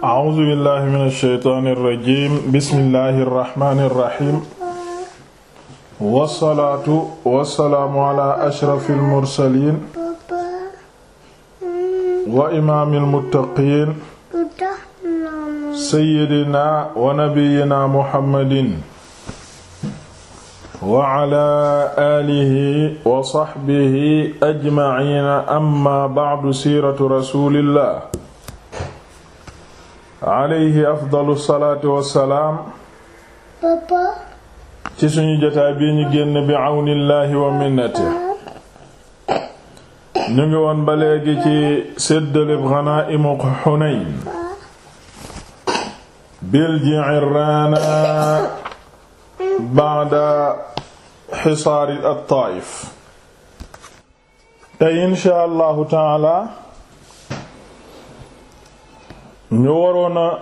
a'uuzu billahi mina shaytaani rajiim bismillahi rahmaani rahiim. wasalaatu wasalaamu ala ashrafil mursaliin. wa imaamil muttaqiin. sayyidina wa nabiyyina muhammadin. wa ala aalihi wa saxbihi ajmaciina amma bacdu siiratu rasulillah. alayhi afdalu salaatu wassalaam ci suñu jotaay bii ñu génn bi àwnillaahi wa minnati ñu ngi woon ba léegi ci séddalib ghanaaimu Hunayn bil Ji'irraana ba'da hisaari at-Taa'if tey inshaa Allahu ta'aala ñu waroon a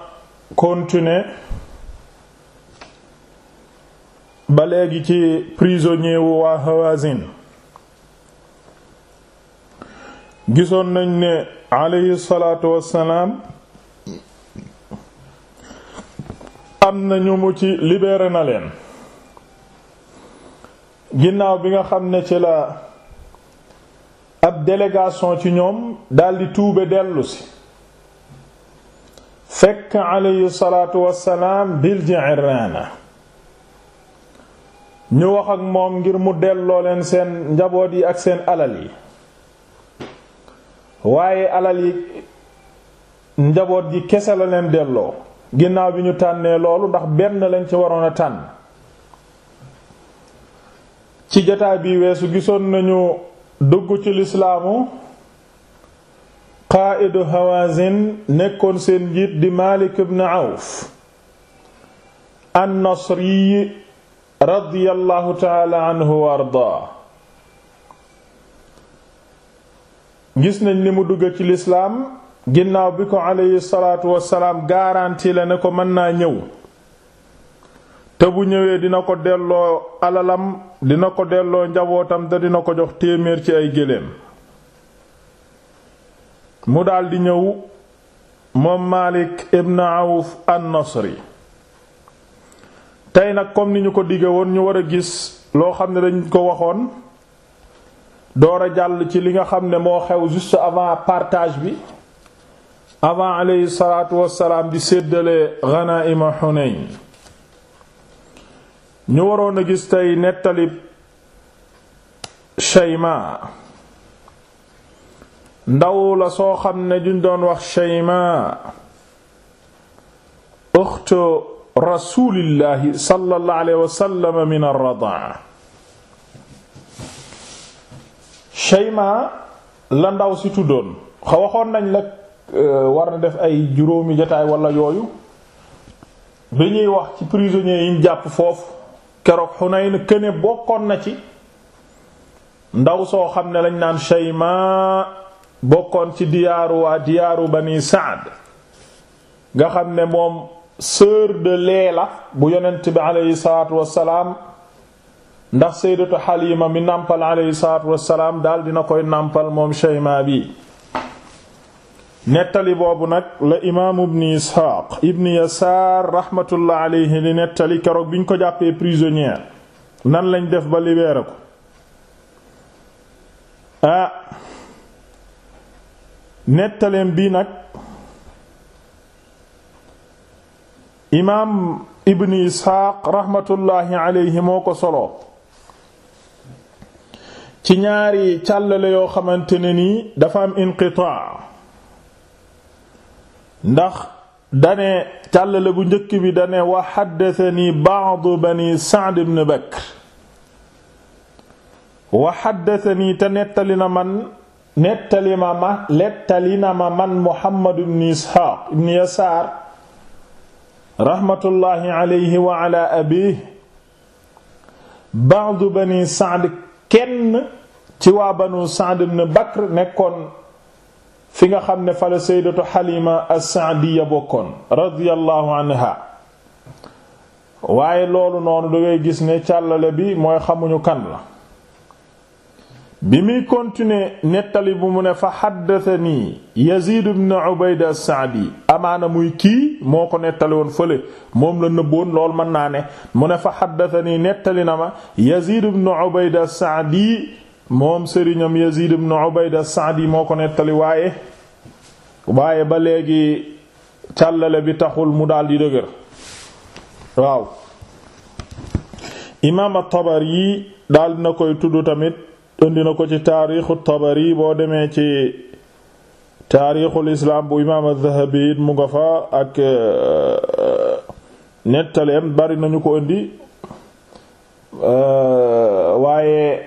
continuer ba léegi ci prisonnier wu waa Hawazin gisoon nañ ne aleyhi salaatu wassalaam am na ñu mu ci libéré na leen ginnaaw bi nga xam ne ci la ab délégation ci ñoom daldi tuube dellusi fekk alayhi salaatu wassalaam bil Ji'irraana ñu wax ak moom ngir mu delloo leen seen njaboot yi ak seen alal yi waaye alal yi njaboot yi kese la leen delloo ginnaaw bi ñu tànnee loolu ndax benn lañ ci waroon a tànn ci jotaay bi weesu gisoon nañu dugg ci lislaamu qaaidu hawazin nekkoon seen njiit di malik ibn auf annasri radiyallahu taala anhu ardaa gis nañ li mu dugg ci lislaam ginnaaw bi ko aleyhi salaatu wasalaam garanti ne ko mën naa ñëw te bu ñëwee dina ko delloo alalam dina ko delloo njabootam te dina ko jox téeméer ci ay géléem mu daldi ñëw moom Maalik ibn Awf an-Nasri tey nag comme ni ñu ko digge ñu war a gis loo xam ne dañ ko waxoon door a jàll ci li nga xam ne moo xew juste avant partage bi avant aleyhi salaatu wassalaam di séddale ghanaima Hunayn ñu waroon a gis tey nettali Shayma ndaw la soo xam ne duñ doon wax Shayma uxtu rasulillahi sallallahu alayhi wa sallam min ar-radaa la ndaw si tuddoon xa waxoon nañ la euh, war na def ay juróomi jotaay wala yooyu bi ñuy wax ci prisonniers yi jàpp foofu keroog Xunayn këne bokkoon na ci ndaw soo xam ne lañ naan Shayma bokkoon ci diyaaru waa diyaaru bani Saad nga xam ne moom sœur de lait la bu yonent bi aleyhi salaatu ndax sayyidatu Halima mi nàmpal aleyhi salaatu wassalaam daal dina koy nàmpal moom Shayma bi nettali boobu nag la imaam ibn Isxaaq ibn Yasaar rahmatullah li nettali keroog biñ ko jàppee prisonnier nan lañ def ba libéré ah nettaleem bi nag imaam ibn isxaaq raxmatullaahi moo ko solo ci ñaari càllale yoo xamante ne nii dafa am inqitaa ndax dane càllale bu njëkk bi dane wa xaddatani baadu bani saad ibn bakr wa te nettali na man nettali na ma man Muhammad ibn Isxaaq ibn Yasaar raxmatullaahi alayhi wa ala abiihi bani Sa'd kenn ci waa banu Sa'd ibn Bakr nekkoon fi nga xam ne fala sayyidatu Xalima as bokkoon radiyallahu anha waaye loolu noonu dangay gis ne càllale bi mooy xamuñu kan la bi muy continuer nettali bu mu ne fa xaddatani Yazid ibn Ubayd as amaana muy kii moo ko nettali woon fële moom la nëbboon lool mën naa ne mu ne fa xaddatani nettali na ma Yazid ibn Ubayd as moom sëriñam Yazid ibn Ubayd as moo ko nettali waaye waaye ba léegi càllale bi taxul mu daal di dëgër waaw imaam at-Tabari daal na koy tudd tamit indi na ko ci taarixu tabari boo demee ci taarixul islaam bu imaam az-Zahabi it mu fa ak eh, nettaleem bari nañu ko indi eh, waaye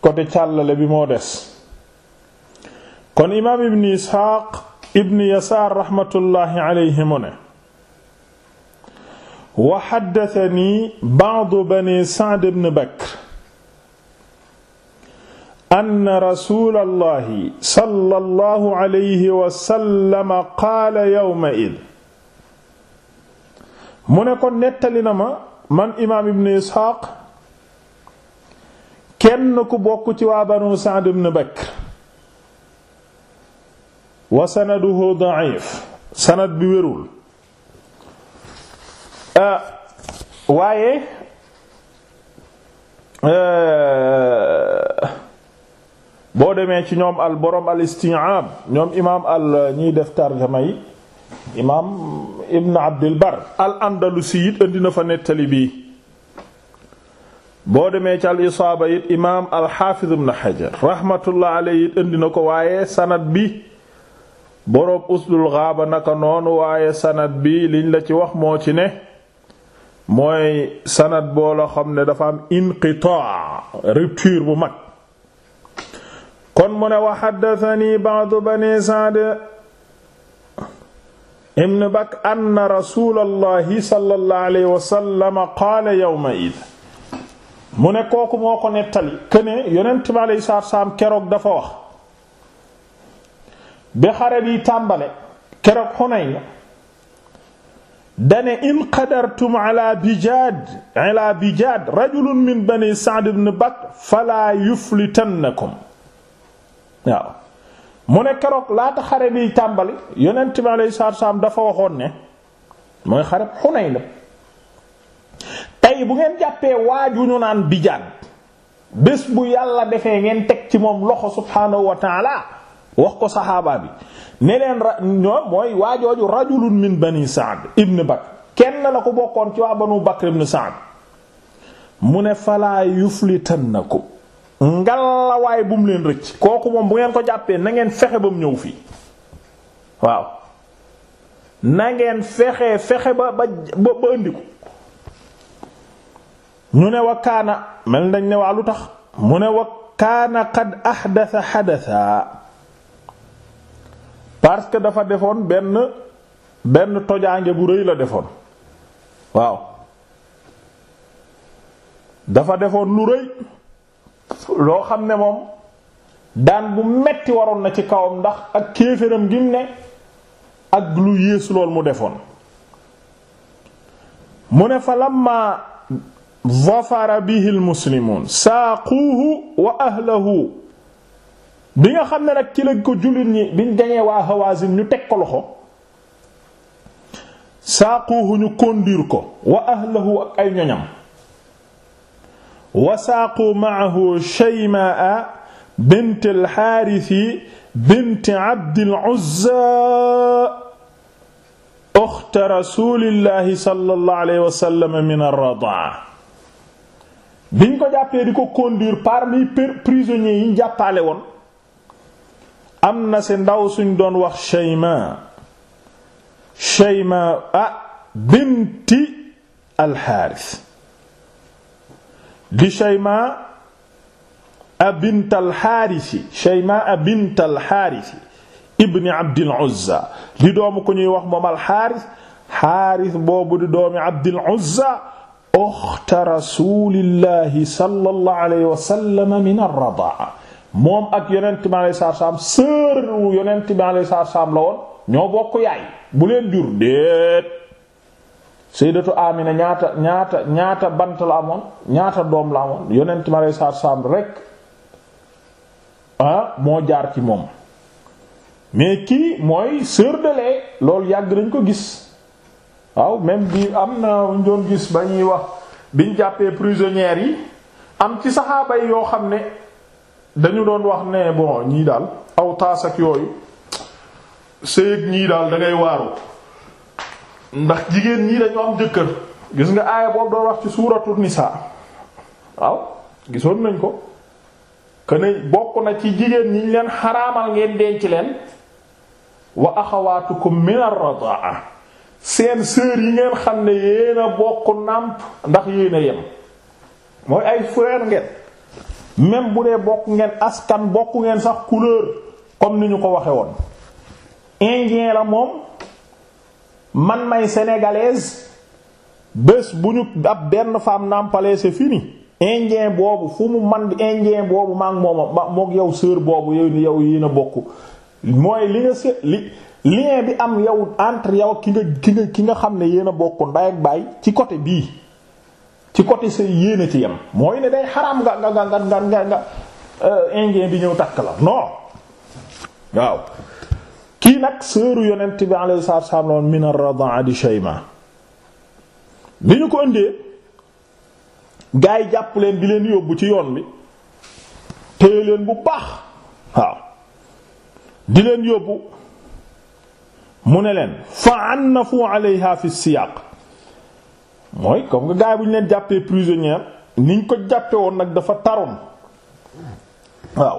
côté càllale bi moo des kon imaam ibn isxaaq ibn yasaar raxmatullaahi alayhi mu ne wa xaddatani ba'du bani Sa'd ibn Bakr anna rasulallahi sallallahu alayhi wa sallam qaala yawma id mu ne ko nettali na ma man imaam ibn isxaaq kenn ku bokk ci waa banu Sa'd ibn Bakr wa sanaduhu da'if sanad bi wérul ah, waaye ah, boo demee ci ñoom al borom al isti'ab ñoom imaam al ñiy def tarjama yi imaam ibn abdil al andalusi it indi na fa nettali bi boo demee ci al isaaba it imaam al xaafiz ibn xajar rahmatullah alayhi it indi na ko waaye sanad bi boroom usdul gaaba naka noonu waaye sanad bi liñ la ci wax moo ci ne mooy sanad boo la xam ne dafa am inqitaa rupture bu mag kon mu ne wa xaddatani baadu bani saad ibn bak anna rasulallahi sallallahu alayhi wa sallam qaala yawma id mu ne kooku moo ko nettali këne yonent bi alayhi salaatu salaam keroog dafa wax bi xare bi tàmbale keroog Hunayn dane in qadartum ala bijaad ala bijaad rajulun min bani saad ibn bak fala yuflitannakum waaw mu ne keroog laata xare biy tàmbali yonent bi alayhi salaatu salaam dafa waxoon ne mooy xare Hunayn la tey bu ngeen jàppee waaju ñu naan bijaan bés bu yàlla defee ngeen teg ci moom loxo subhaanahu wa wax ko saxaaba bi ne leen ra ñoom mooy waajooju rajulun min bani Sa'd ibn Bakr kenn la ko bokkoon ci waa banu Bakr ibn Sa'd mu ne falaa na ko ngalla bu mu leen rëcc kooku moom bu ngeen ko jàppee na ngeen fexe ba mu ñëw fii waaw na ngeen fexe fexe ba ba ba indi ko ñu ne wa kaana mel nañ ne waa lu tax mu ne wa kaana qad ahdasa hadasa parce que dafa defoon benn benn tojaange bu rëy la defoon waaw dafa defoon lu rëy loo xam ne moom daan bu metti waroon na ci kawam ndax ak kéeféram gim ne ak lu yéesu lool mu defoon mu ne fa lamma zafara bihi almuslimuun saaquuhu wa ahlahu bi nga xam ne nag ci lañ ko jullit ñi biñ gañee waa Hawazin ñu teg ko loxo saaquuhu ñu kondiir ko wa ahlahu ak ay ñoñam wa saaqu ma'ahu Shaymaa bint al-Haaris bint Abdil Uzza uxtu rasulillahi sallallahu alayhi wa min ar-radaa'a biñ ko jàppee ko conduire parmi prisonniers yi ñu jàppale am na si ndaw suñ doon wax Shaymaa Shaymaa ah, binti di Shaymaa bint al-Haarisi Shaymaa bint al-Haarisi ibn Abdil Uzza di doomu ku ñuy wax moom al-Haaris Haaris boobu di doomi Abdil Uzza uxta rasulillahi sallallahu alayhi wa sallam min ar-radaa moom ak yonent bi alayhi salaam sœur yonent bi alayhi salaam la woon ñoo bokk yaay bu leen jur déet sayyidatu Amina ñaata ñaata ñaata bant la amoon ñaata doom la amoon yonent ma lay saar saam rek ah, moo jaar ci moom mais kii mooy sœur de lait loolu yàgg nañ ko gis waaw même bi am na ñu doon gis ba ñuy wax biñ jàppee prisonnières yi am ci saxaaba yoo xam ne dañu doon wax ne bon ñii daal aw taas ak yooyu sëyëg ñii daal da waaru ndax jigéen ñi dañoo am jëkkër gis nga aaya boobu doon wax ci suuratu nisaa waaw gisoon nañ ko këne bokk na ci jigéen ñi leen xaraamal ngeen denc leen wa axawaatukum min ar-radaa seen sœur yi ngeen xam ne yéen bokk nàmp ndax yéen yem mooy ay frère ngeen même bu dee bokk ngeen askan bokk ngeen sax couleur comme ni ñu ko waxe woon indien la moom man may sénégalaise bés bu ñu ab benn femme nampale c'est fini indien boobu fu mu man indien boobu maa ngi moom ma mook yow sœur boobu yow yow yéen a bokk mooy li nga se li lien bi am yow entre yow ki ki nga ki nga xam ne yéen a bokk nday ak baay ci côté bii ci côté sa yéen a ci yem mooy ne day xaraam nga nga nga nga nga euh, indien bi ñëw takk la non waaw kii nag sëru yonent bi alayhi salaatu wassalaam noon min ar-radaa di Shayma bi ñu ko ëndee gaa yi jàpp leen di leen yóbbu ci yoon bi téye leen bu baax waaw di leen yóbbu mu ne leen fa annafu alayha fi siyaaq mooy comme nga gaa yi bu ñu leen jàppee prisonnière niñ ko jàppe woon nag dafa taroon waaw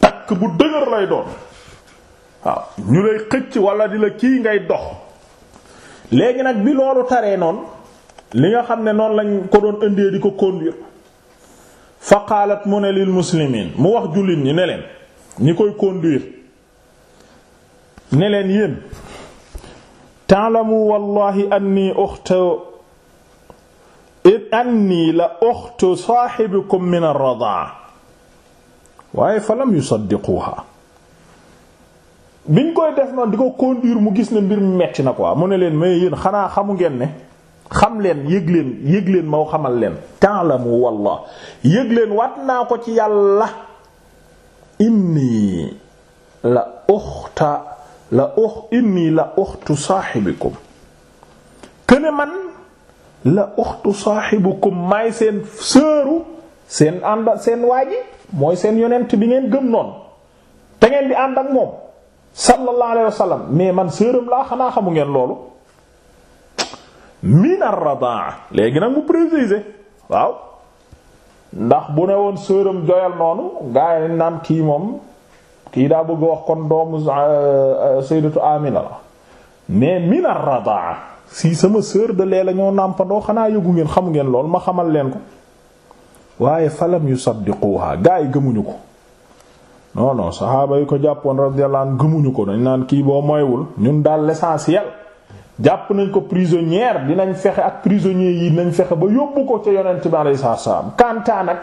takk bu dëgër lay doon waaw ñu lay xëcc wala di la kii ngay dox léegi nag bi loolu taree noon li nga xam ne noonu lañ ko doon indee di ko conduire fa qaalat mu ne lil muslimiin mu wax jullit ñi ne leen ñi koy conduire ne leen yéen ta'lamu wallahi anni ukhtu anni la ukhtu saahibikum min ar-radaa waaye fa lam yusaddiquha biñ koy def noonu di ko conduire mu gis ne mbir mi metti na quoi mu ne leen mais yéen xanaa xamu ngeen ne xam leen yëg leen yëg leen moo xamal leen ta'lamu wallah yëg leen wat naa ko ci yàlla inni la uxta la ux inni la uxtu saaxibikum këne man la uxtu saaxibikum maay seen sëru seen ànd seen waaji mooy seen yonent bi ngeen gëm noonu te ngeen di ànd ak moom sallallahu alayhi wa mais man seeram laa xanaa xamu ngeen loolu min ar-radaa léegi nag mu préciser waaw ndax bu ne woon seeram joyal noonu gaa yi naan kii moom kii daa bëgg wax kon doomu euh, euh, sayyidatu Amina la mais min radaa si sama sœur de lait la ñoo nàmpandoo xanaa yëgu ngeen xamu ngeen loolu ma xamal leen ko waaye falam yusaddiquha gaa yi gëmuñu ko non non saxaaba yi ko jàppoon radiyallahu anhu gëmuñu ko dañ naan kii boo moywul ñun daal l'essentiel jàpp nañ ko prisonnière dinañ fexe ak prisonnier yii dinañ fexe ba yóbbu ko ca yonent bi alayhi salaam kantaan ak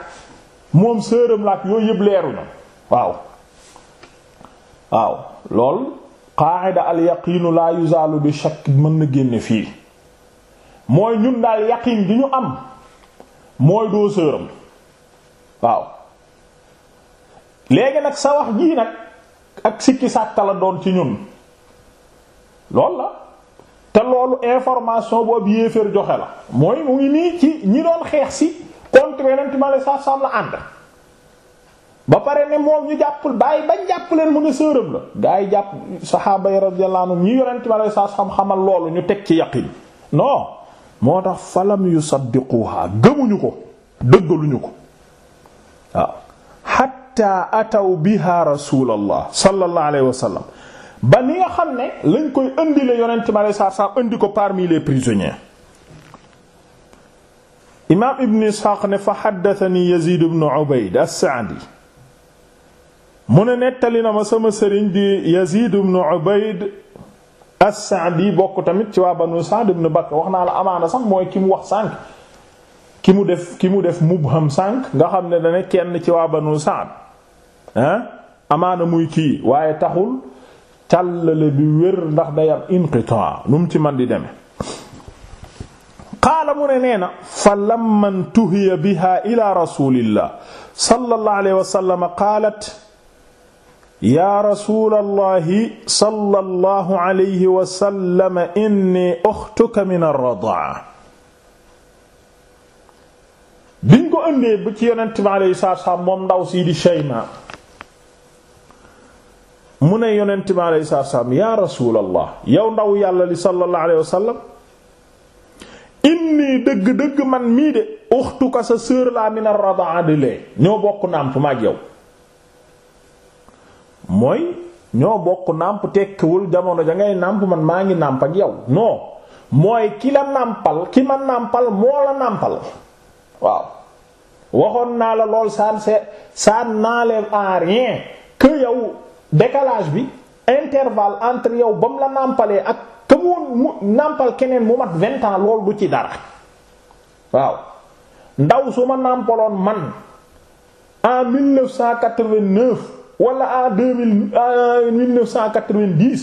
moom seeram la ak yooyu yëpp leeru na waaw waaw lool qaa'ida al yaqiinu laa yuzaalu bi shakk mën na génne fii mooy ñun daal yaqiin di ñu am mooy doo seeram waaw léegi nag sa wax jii nag ak sikki sàkka la doon ci ñun loolu la te loolu information boobu yéeféer joxe la mooy mu ngi nii ci ñi doon xeex si contre yonent mi aleyhi salaatu salaam la ba pare ne moom ñu jàppul bàyyi bañ jàpp leen mu ne sërëm la gaa yi jàpp saxaaba yi radiyallahu anhum ñi yonent mi loolu ñu teg ci yaqin non moo tax falam yusaddiquha gëmuñu ko dëggaluñu ko waaw xatta ataw biha rasulallah sallallahu alayhi wa la ko parmi les prisonniers imaam ibn isxaaq ne fa xaddatani yazid ibn ubayd ne nettali na ma sama sëriñ di yazid ibn ubayd bokk tamit ci waa banu sa'd ibn wax naa la amaana sax mooy ki mu wax sànk ki mu def ki mu def mubham sànk nga xam ne dana kenn ci waa banu sa'd ah amaana muy kii waaye taxul càllale bi wér ndax day am inqitaa nu mu ci man di demee qaala mu ne nee na fa lamma ntuhiya biha ila rasulillah sallallahu alayhi wa sallam qaalat ya rasulallahi sallallahu alayhi wa sallam inni ukhtuka min ar-radaa'a biñ ko ëndee bu ci yonent bi alayhi salaam moom ndaw si di Shayma mu ne yonent bi alayhi salaatu salaam yaa rasuulallah yow ndaw yàlla li sallallahu alayhi wa sallam inni dëgg-dëgg man mii de uxtuka sa sœur la min ar-radaa de lait ñoo bokk nàmp maag yow mooy ñoo bokk nàmp tekkiwul jamono ja ngay nàmp man maa ngi nàmp ak yow non mooy ki la nàmpal ki ma nàmpal moo la nàmpal waaw waxoon naa la lool ça ne sert ça n'enlève à rien que décalage bi intervalle entre yow ba mu la nàmpalee ak ka nàmpal keneen mu mat vingt ans loolu du ci dara waaw ndaw su ma nàmpaloon man en 1989 wala en 2000 en 1990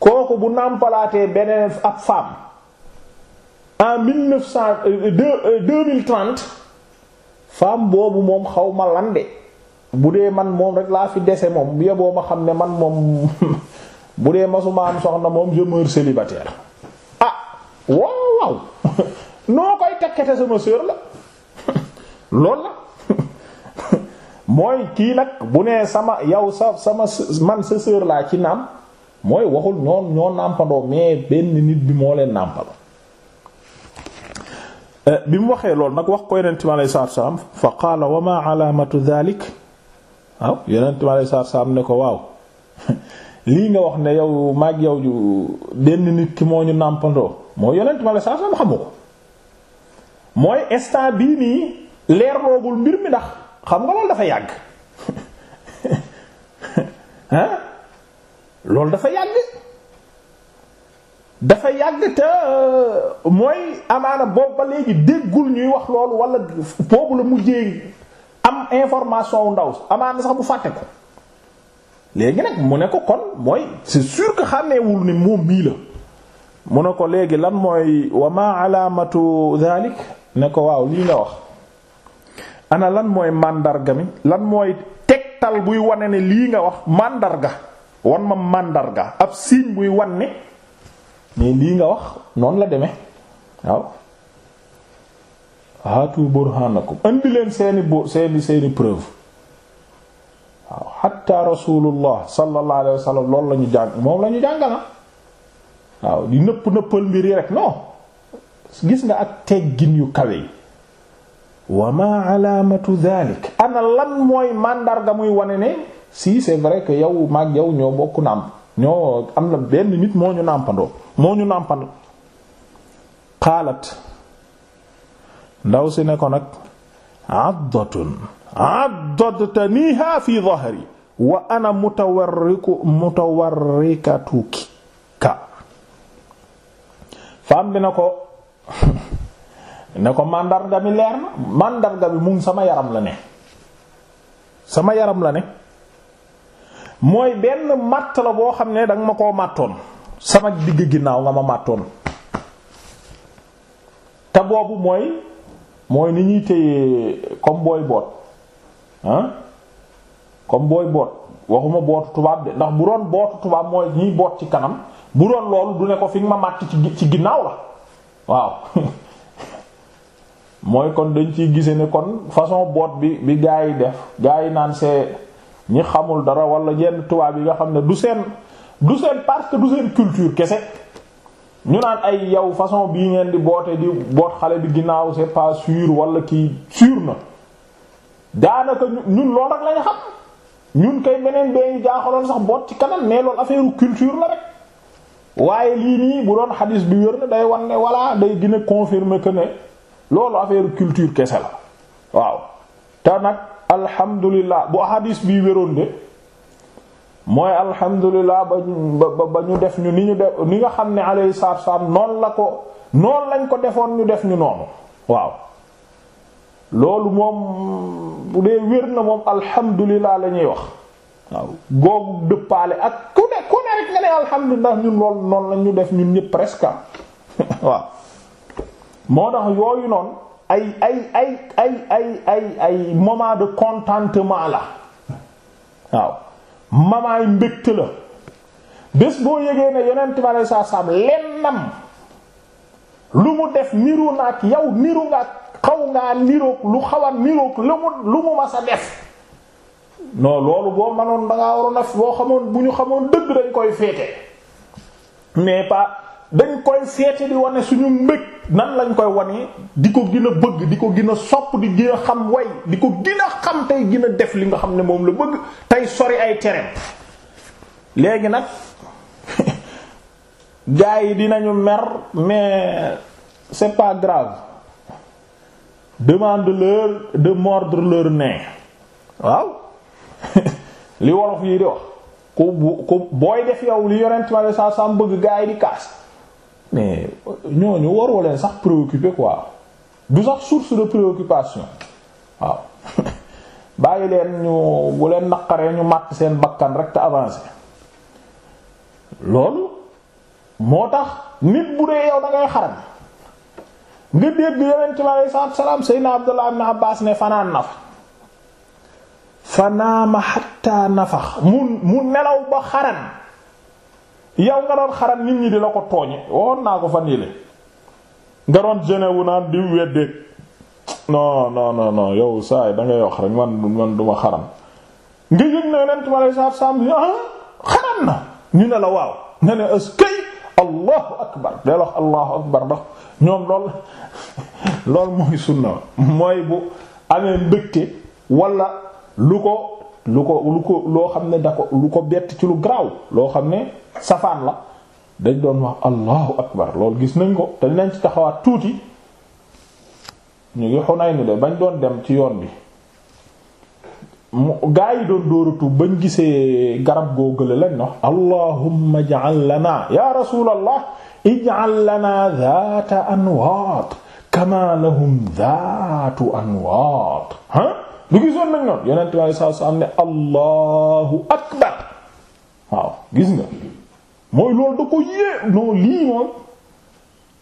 kooku bu nàmpalaatee beneen ak femme en 1900 2030 euh, euh, femme boobu moom xaw ma lande bu dee man moom rek laa fi dese moom bu yeboo ma xam ne man moom bu dee masuma am soxna moom je meurs célibataire ah waaw waaw noo koy takkete sama sœur la lool la mooy kii nag bu nee sama yow sa sama man sa sœur laa ci naam mooy waxul ñoon ñoo nàmpandoo mais benn nit bi moo leen nàmpal eh, bi mu waxee lool nag wax ko yonent mi alayhi salaatu wa salaam fa qaala wa ma alaamatu waaw yeneen ma lay saar ne ko waaw lii nga wax ne yow maag yow ju benn nit ki moo ñu nàmpandoo moo yonent ma lay saar saam xamu ko mooy instant bii nii leer roogul mbir mi ndax xam nga loolu dafa yàgg hein loolu dafa yàgg dafa yàgg te mooy amaana boobu ba léegi déggul ñuy wax loolu wala boobu mujjee am information wu ndaw si amaana sax bu fàtte ko léegi nag mu ne ko kon mooy c'est sûr que xàmmeewul ne moom mii la mu ne ko léegi lan mooy wa ma alaamatu ne ko waaw lii nga wax ana lan mooy màndarga mi lan mooy tegtal buy wane ne lii nga wax màndarga wan ma màndarga ab signe buy wan ne mais lii nga wax noonu la demee waaw haatu burhanakum indi leen seeni bu seeni seeni preuve waaw hatta rasulullah sallallahu alayhi wa sallam loolu la ñu jàng moom la ñu jàngala ah. waaw di nëpp nëppal mbir yi rek non gis nga ak teggin yu kawe yi wa ma alaamatu dhalik ana lan mooy màndarga muy wane ne si vrai que yow maag yow ñoo bokk nàmp ñoo am na benn nit moo ñu nàmpandoo moo ñu nàmpandoo xaalat ndaw si ne ko nag addatun addattaniha fi dhahri wa ana mutawarriku mutawarrikatuki ka faam bi na ko ne ko màndarga mi leer na màndarga bi mu sama yaram la ne sama yaram la ne mooy benn màtt la boo xam ne danga ma koo màttoon sama digg ginnaaw nga ma màttoon te boobu mooy mooy ni ñuy téye comme booy boot ah comme booy boot waxuma bootu tubaab de ndax bu doon bootu tubaab mooy ñiy boot ci kanam bu doon loolu du ne ko fi nga ma màtt ci ci ginnaaw la waaw mooy kon dañ ci gise ne kon façon boot bi bi gaa yi def gaa yi naan see ñi xamul dara wala jenn tubaab yi nga xam ne du seen du seen parce que du seen culture kese ñu naan ay yow façon bii ngeen di boote di boot xale bi ginnaaw c'est pas sûr wala kii sûr na daanaka ñun loolu rek lañu xam ñun kay beneen bee ñu jaaxaloon sax boot ci kanam mais loolu affaire culture la rek waaye lii nii bu doon bi wér na day wan ne day gën a confirmer que loolu affaire culture kese la waaw te nag alhamdulilah bu xadis bi wéroon de. mooy alhamdulilah ba ñu def ñu ni ñu def ni nga xam ne alayhi salaatu wassalaam noonu la ko noonu lañ ko defoon ñu def ñu noonu waaw loolu moom bu dee wér na moom alhamdulilah la ñuy wax waaw googu dëppaale ak ku ne ku ne rek nga ne alhamdulilah ñun loolu noonu la def ñun ñëpp presque waaw moo tax yooyu noon ay ay ay ay ay ay ay moment de contentement la waaw mamaay mbégte la bés boo yégee ne yonent bi aleyhi salaatu salaam lennam lu mu def niru na ak yow niru nga xaw ngaa niroog lu xaw niroog lu mu lu mu mas a def non loolu boo mënoon dangaa waroon a boo xamoon bu ñu xamoon dëgg dañ koy féete mais pas dañ koy feete di wane suñu mbëg nan lañ koy wane di ko gën a bëgg di ko gën a sopp di gën xam way di ko gën xam tey gën a def li nga xam ne moom la bëgg tey sori ay tereem léegi nag gaa yi dinañu mer mais c'est grave demande-leur de mordre leur nez waaw li wolof yi di wax ku bu ku booy def yow li yonent ma saa saa bëgg gaa yi di kaas mais ñu waroo leen sax préoccuper quoi du sax source de préoccupation waaw bàyyi leen ñu bu naqaree ñu màtt seen bakkan rek te avancé loolu moo tax nit bu dee yow da ngay xaram nga dégg yonent bi aleyhi salaatu wa salaam Seydina Abdullah ibn Abbas ne fanaan na fa fanaama xatta nafax mu mu nelaw ba xaran yow nga doon xaram nit ñi di la ko tooñe waxoon naa ko fa nii le nga doon genewu naan di weddeeg non non non non yow saay da wax rek man man duma xaram nga yëg ne ah, la waaw ne ne ëskay allahu akbar day wax allahu akbar ndax ñoom lool lool mooy sunna mooy bu amee mbëgte wala lu ko lu ko lu ko loo xam ne da ko lu ko bett ci lu garaaw loo xam ne safaan la dañ doon wax allahu akbar loolu gis nañ ko te dinañ ci taxawaat tuuti ñu ngi xunay ni de bañ doon dem ci yoon bi gaa yi doon dóoratu bañ gisee garab goo gële lañ wax allahumma ij'al lana ya rasulallah ij'al lana dhata anwaat kama lahum dhatu anwaat du gisoon nañ noonu yonent bi sallallahu alayhi allahu akbar waaw gis nga mooy loolu da ko yée non lii moom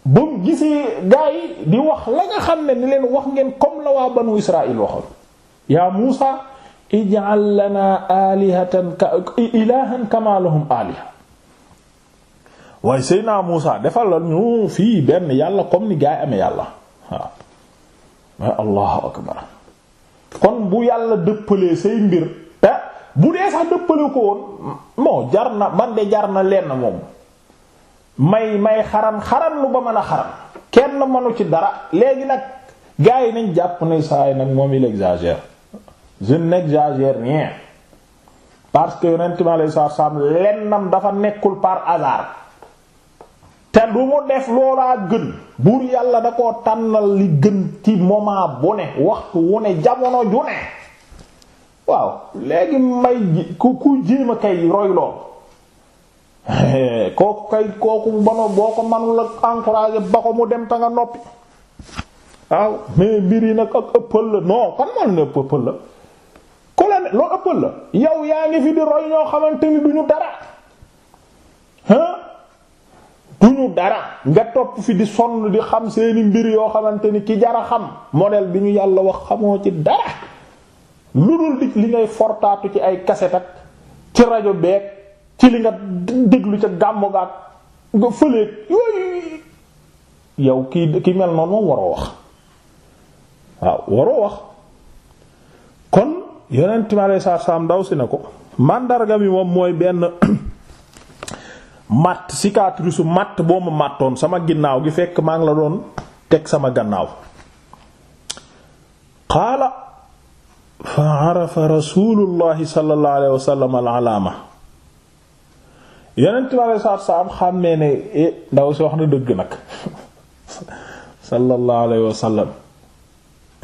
ba gisee gaa di wax la nga xam ne ni leen wax ngeen comme la waa banu Israël waxoon yaa Muusa ij'al lana alihatan ka ilahan aliha waaye Seydina Muusa defal la ñu fii benn yàlla comme ni gaa yi yàlla waaye allahu akbar kon bu yàlla dëppalee say mbir te bu dee sax dëppale ko woon moo jar na man de jar na lenn moom may may xaran xaran lu ba mën a xaran kenn mënu ci dara léegi nag gars yi nañ jàpp ne saa yi nag moom il exagère je n'exagère rien parce que yonent mi alayhi salaam lennam dafa nekkul par hasard te lu mu def loolaa gën buur yàlla da koo tànnal li gën ci moment bu ne waxtu wu ne jamono ju ne waaw léegi may ku ku jéem kay roy kooku kay kooku bano boo ko manul ak encouragé ba ko mu dem ta nga noppi waaw mais mbir yi nag ak ëppal la non kan man na ëppal la ku la loo ëppal la yow yaa ngi fi di roy ñoo xamante ni duñu dara duñu dara nga topp fi di sonn di xam seeni mbir yoo xamante ni jar a xam modèle bi ñu yàlla wax xamoo ci dara lu dul di li ngay fortaatu ci ay kaset ci rajo beeg ci li nga déglu ca gàmmu gaag nga fëleeg yooyu yow ki ki mel noonu moom waroo wax waaw waroo wax kon yeneen mi aleyhi salaam ndaw si na ko màndarga mi moom mooy benn matt cicatrice matt boo ma mattoon sama ginnaaw gi fekk maa ngi la doon teg sama gannaaw xaala fa arafa rasulullahi sallallahu alayhi wasallam al alaama yeneen bi aleyi salaatu salaam xàmmee ne eh, ndaw si wax na dëgg nag sallallahu alayhi wasallam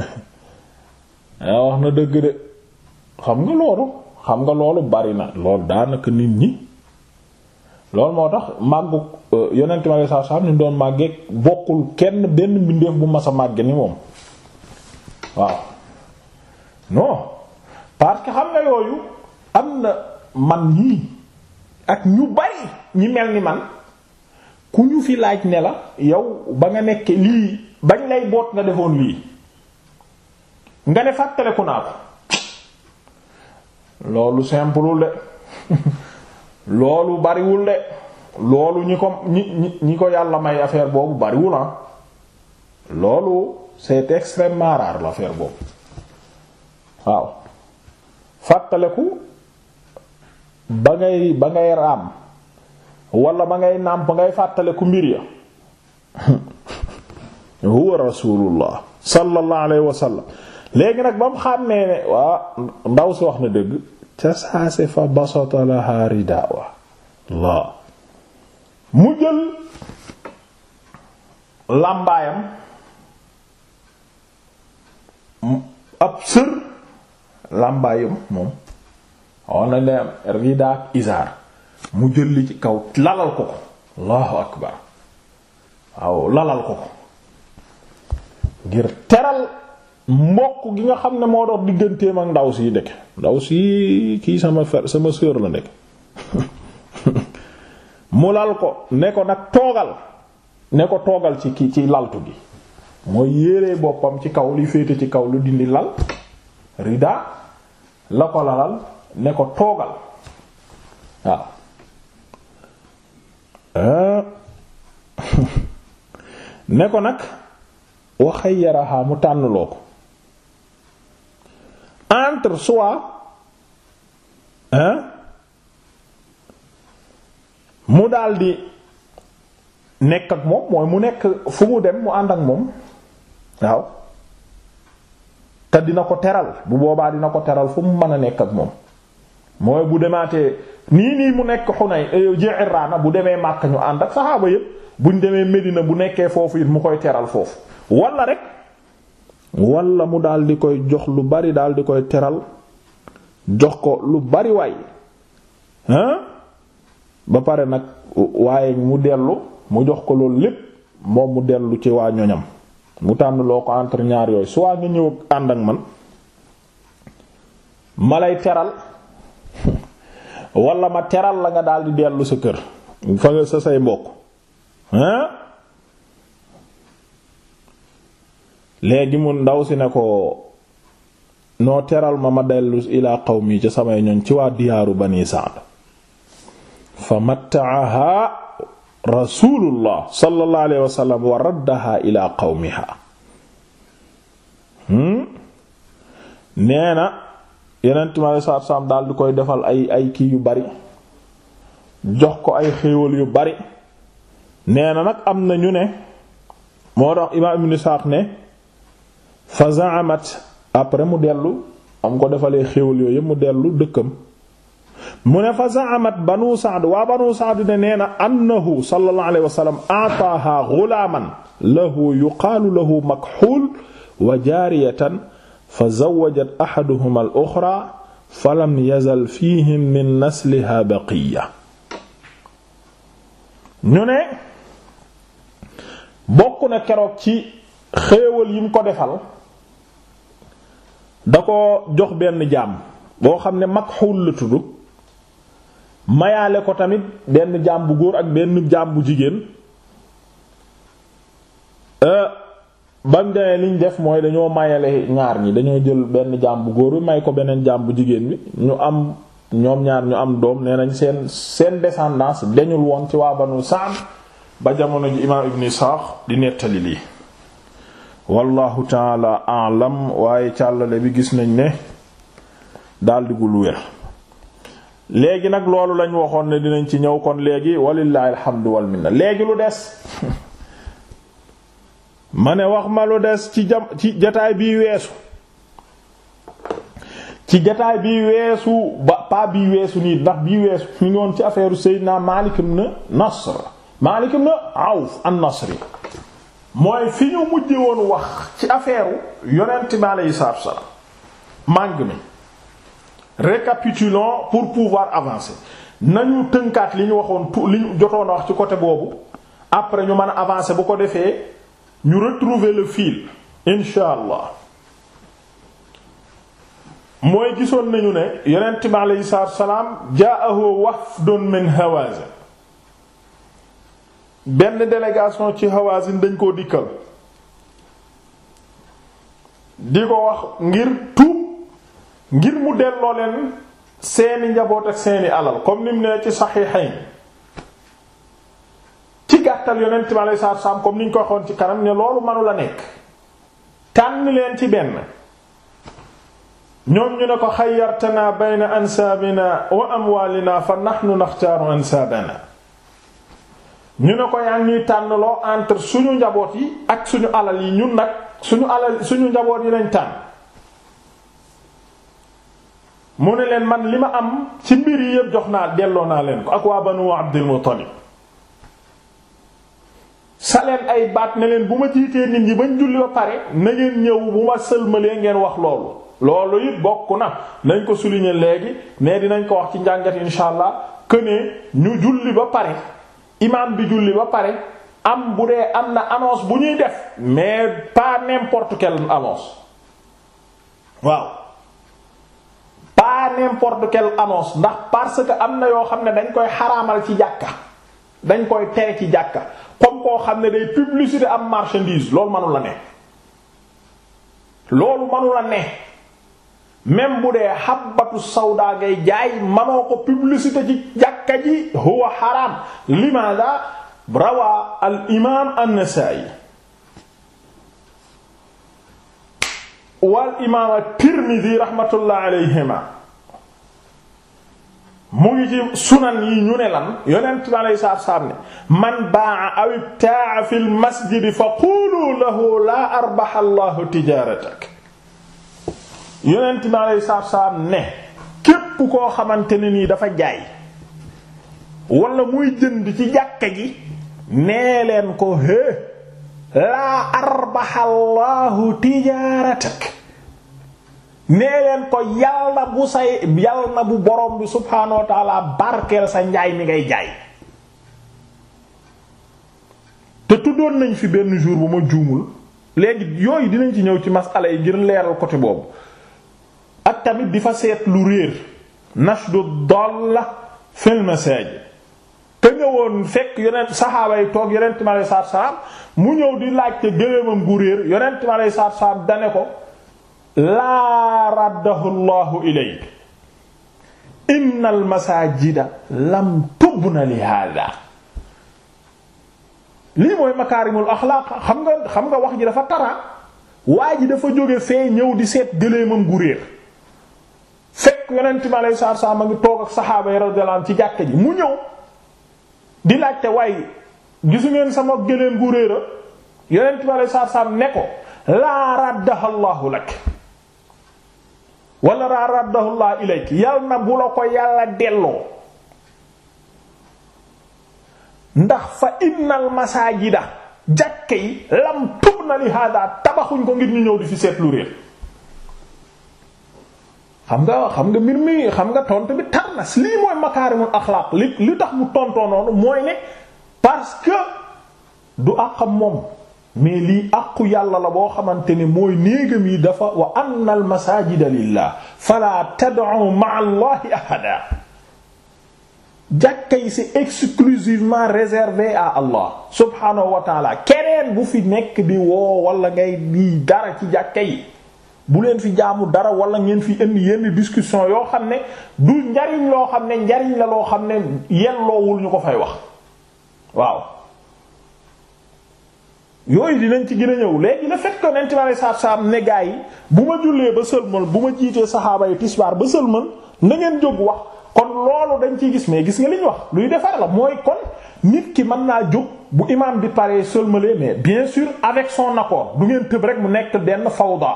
eh, wax na dëgg de xam nga loolu xam nga loolu bari na lool daanaka nit ñi loolu moo tax màggu euh, yonent ma saa saa ni doon màggee bokkul kenn benn mbindeef bu mas a màgg ni moom waaw no parce que xam nga yooyu am na man ñii ak ñu bari ñi mel ni man ku ñu fi laaj ne la yow ba nga nekk lii bañ lay boot nga defoon lii nga ne fàttaleku naa ko loolu simple de loolu bariwul de loolu ñi ko ñi ñi ko yàlla may affaire boobu bariwul ah loolu c'est extrêmement rare l'affaire boobu waaw fàttaleku ba ngay ba ngay raam wala ba ngay nàmp ngay fàttaleku mbir ya huwa rasulullah sallallahu alayhi wa sallam léegi nag ba mu xàmmee ne waa ndaw si wax na dëgg ca saase fa basata laha ridaawa laa mu jël làmbaayam ab sër làmbaayam moom wax na ne ridaa ak izaar mu jël li ci kaw lalal ko ko allahu akbar waaw lalal ko ko ngir teral mbokk gi nga xam ne moo dox digganteem ak ndaw si dëkk ndaw si kii sama fer sama sœur la nekk mu lal ko ne ko nag toogal ne ko toogal ci ki ci laltu gi mooy yéree boppam ci kaw li féete ci kaw lu dindi lal rida la lalal ne ko toogal waaw ah. ne ko nag waxay yaraxaa mu tànnloo ko entre soit hein mu daldi nekk ak moom mooy mu nekk fu mu dem mu ànd ak moom waaw te dina ko teral bu boobaa dina ko teral fu mu mën a nekk ak moom mooy bu demaatee nii nii mu nekk xunay eh, Ji'irraana bu demee Màkka ñu ànd ak saxaaba yépp buñ demee Medina bu nekkee foofu it mu koy teral foofu walla rek walla mu daal di koy jox lu bari daal di koy teral jox ko lu bari waay ba pare nag waaye mu dellu mu jox ko loolu lépp moom mu dellu ci waa ñoñam mu tànn loo ko entre ñaar yooyu soit nga ñëw ànd ak man ma lay teral walla ma teral la nga daal di dellu sa kër fa nga sa say mbokk hein léegi mu ndaw si ne ko noo teral ma ma dellu ilaa qawmi ca samay ñoñ ci waa diyaaru bani Sa'd fa mattaaha rasulullah sallallahu alayhi wa sallam wa raddaha ilaa qawmiha hmm? nee na yeneen timale saat saam daal di koy defal ay ay kii yu bari jox ko ay xéewal yu bari nee na nag am na ñu ne moo tax imaam ibn Sa'd ne fa zaamat après mu dellu am ko defalee xéwal yooyu mu dellu dëkkam mu ne fa zaamat banu saad waa banu saad ne nee na annahu sallallahu alayhi wa sallam ataaha ghulaman lahu makxuul wa jaariyatan fa zawajat ahaduhuma al uxra falam yazal fihim min nasliha baqiya ñu ne bokk na keroog ci xéewal yim ko defal da ko jox benn jaam boo xam ne mag Makxuul la tudd mayaale ko tamit benn jaam bu góor ak benn jaam bu jigéen euh, bam demee liñ def mooy dañoo mayale ñaar ñi dañoo jël benn jaam bu góor bi may ko beneen jaam bu jigéen bi ñu am ñoom ñaar ñu am doom nee nañ seen seen descendance dañul woon ci waa Banu Sa'd ba jamono ji imaam Ibn Ishaq di nettali lii wallahu taala alam waaye càllale bi gis nañ ne daldi gul wér léegi nag loolu lañ waxoon ne dinañ ci ñëw kon léegi walillahi alhamdu wal minna léegi lu des ma ne wax ma lu des ci jam ci jataay bii weesu ci jataay bii weesu ba pas bii weesu nii ndax bii weesu ñu ngi woon ci affaire Seydina Maalik ibn Nasr Maalik ibn Awf an-Nasri mooy fi ñu mujj woon wax ci affaire yonent bi aleyhi salaatu salaam màng mi récapitulons pour pouvoir avancer nañu tënkaat li ñu waxoon tu li ñu jotoon wax ci côté boobu après ñu mën a avancer bu ko defee ñu retrouver le fil incha mooy gisoon nañu ne yonent bi aleyhi salaatu salaam jaa'ahu wafdun min Hawazin benn délégation ci Hawazin dañ koo dikkal di ko wax ngir tuub ngir mu delloo leen seeni njaboot ak seeni alal comme nim ne ci saxiixayn ci gàttal yonent bi alayhi salaatu ko waxoon ci kanam ne loolu mënu la nekk tànn leen ci benn ñoom ñu ne ko xayyartana bayna ansaabina wa amwaalina fa nahnu naxtaaru ansaabana ñu ne ko yaa ngi tànn loo entre suñu njaboot yi ak suñu alal yi ñun nag suñu alal suñu njaboot yi nañ tànn mu ne leen man li ma am ci mbir yi yépp jox naa delloo naa leen ko ak waa banu Abdul Muttalib saleen ay baat ne leen bu ma jiitee nit ñi bañ julli ba pare na ngeen ñëw bu ma sëlmalee ngeen wax loolu loolu it bokk na nañ ko souligner léegi mais dinañ ko wax ci njàngat insha allah que ne ñu julli ba pare imam bi julli ba pare am bu dee am na annonce bu ñuy def mais pas n'importe quelle annonce waaw pas n'importe quelle annonce ndax parce que am na yoo xam ne dañ koy xaramal ci jàkka dañ koy tere ci jàkka comme koo xam ne day publicité am marchandise loolu mënu la ne loolu mënu la ne même bu dee xabbatu sawda ngay jaay manoo ko publicité ji huwa xaraam limaada rawa al imaam an-Nasaa'i wal imaam at-Tirmidhi rahmatullah alayhima mu ngi sunan yi ñu ne lan yonent bi alayhi salaatu man baa'a aw ibtaa'a fil masjidi fa quulu lahu laa arbaha Allahu tijaaratak yonent bi aleyhi salaatu salaam ne képp koo xamante ne nii dafa jaay wala muy jënd ci jàkka gi nee leen ko hé laa arbaxallaahu tijaaratak nee leen ko yal na bu say yal bu borom bi subhaanahu wa taala barkeel sa njaay mi ngay jaay te tuddoon nañ fi benn jour bu ma juumul léegi yooyu dinañ ci ñëw ci masala yi ngir leeral côté boobu ak tamit di fa seet lu réer du dalla fil masajid te ñëwoon fekk yonent toog yonent mi mu ñëw di laajte gëléemam gu réer yonent mi alayhi salaatu salaam dane ko laa raddahu llahu ilayk innal masajida lam tubna li hada lii mooy makaarimul axlaaq xam nga xam nga wax ji dafa tara waa ji dafa jóge fee ñëw di seet gëléemam gu réer fekk yonent bi alayhi salaatu salaam a ngi toog ak saxaaba yi radiyallahu anhum ci jàkka ji mu ñëw di laajte waaye gisu sama gëléem bu réera yonent bi alayhi salaatu salaam ne ko laa raddaha Allahu lak wala laa na bu la ko yàlla delloo ndax fa innal masaajida jàkka yi lam tub na li hada tabaxuñ ko ngir ñu ñëw di fi seetlu réer xam nga xam nga mbir mi xam nga tontu bi tar lii mooy makaarimul axlaaq li tax mu tontoo noonu mooy ne parce que du àqam moom mais lii àqu yàlla la boo xamante ni mooy néegam yi dafa wa anna al masajida lillah fala tad'u ma'a allahi ahada jàkka yi c'est exclusivement réservé à Allah subhanahu wa keneen bu fi nekk di woo wala ngay dara ci jàkka yi bu leen fi jaamu dara wala ngeen fi indi yenn discussion yoo xam ne du njariñ loo xam ne njariñ la loo xam ne yelloowul ñu ko fay wax waaw yooyu dinañ ci gën a ñëw léegi la fait que yonent bi alei saatu salaam ne gaa yi bu ma jullee ba sëlmal bu ma jiitee saxaaba yi tisbaar ba sëlmal na ngeen jóg wax kon loolu dañ ciy gis mais gis nga li ñu wax luy defar la mooy kon nit ki mën naa jóg bu imam bi paree sëlmalee mais bien sûr avec son accord du ngeen tëb rek mu nekk benn fawda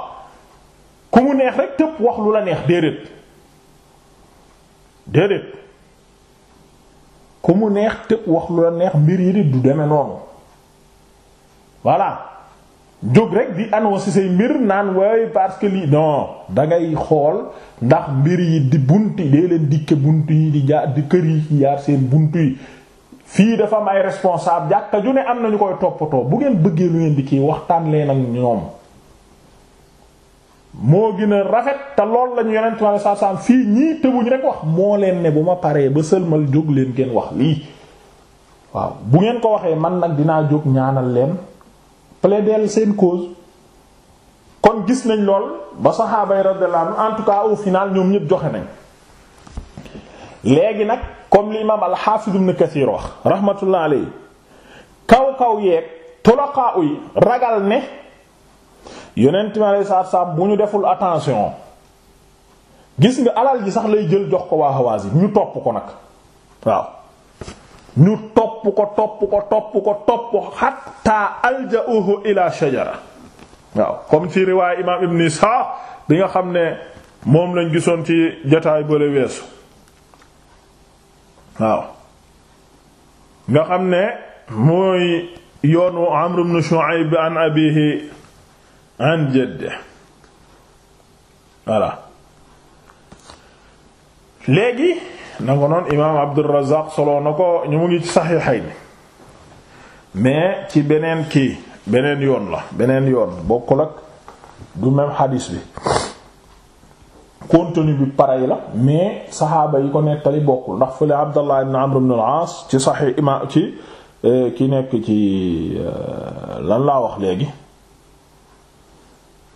ku mu neex rek tëpp wax lu la neex déedéet déedéet ku mu neex tëpp wax lu la neex mbir yi di du deme noonu voilà jóg rek di ci say mbir naan waaye parce que lii non dangay xool ndax mbir yi di bunt yi dee leen dikke bunt yi di jaar di kër yi jaar seen bunt yi fii dafa am ay responsable jàkka ju ne am na ñu koy toppatoo bu ngeen bëggee lu ngeen di waxtaan leen ak ñoom moo gën a rafet te lool lañu yonent bi alayhi salaam fii ñii tëbuñ rek wax moo leen ne bu ma paree ba sëlmal jóg leen ngeen wax lii waaw bu ngeen ko waxee man nag dinaa jóg ñaanal leen plaider seen cause kon gis nañ lool ba saxaaba yi radiyallahu anhu en tout cas au final ñoom ñëpp joxe nañ léegi nag comme l'imam al-Hafiz ibn Kathir wax rahmatullah alayhi kaw kaw yeeg tulaqaa yi ragal ne yonent mi alayhi bu ñu deful attention gis nga alal ji sax lay jël jox ko waa Hawazin ñu topp ko nag waaw ñu topp ko topp ko topp ko topp hatta alja'uhu ila shajara waaw comme ci riwaay imaam Ibn Ishaq bi nga xam ne moom lañ gisoon ci jotaay bële waaw nga xam ne mooy yoonu Amr ibn Shu'ayb an abihi an jadde voilà léegi na ko noon imaam Abdurrazaaq soloo na ko ñu mu ngi ci mais ci beneen ki beneen yoon la beneen yoon bokkul ak du même xadiis bi contenu bi pareil la mais saxaaba yi ko nettali bokkul ndax fële Abdallah ibn Amr ibn al-Aas ci saxiix imaam eh, ki nekk ci eh, lan laa wax léegi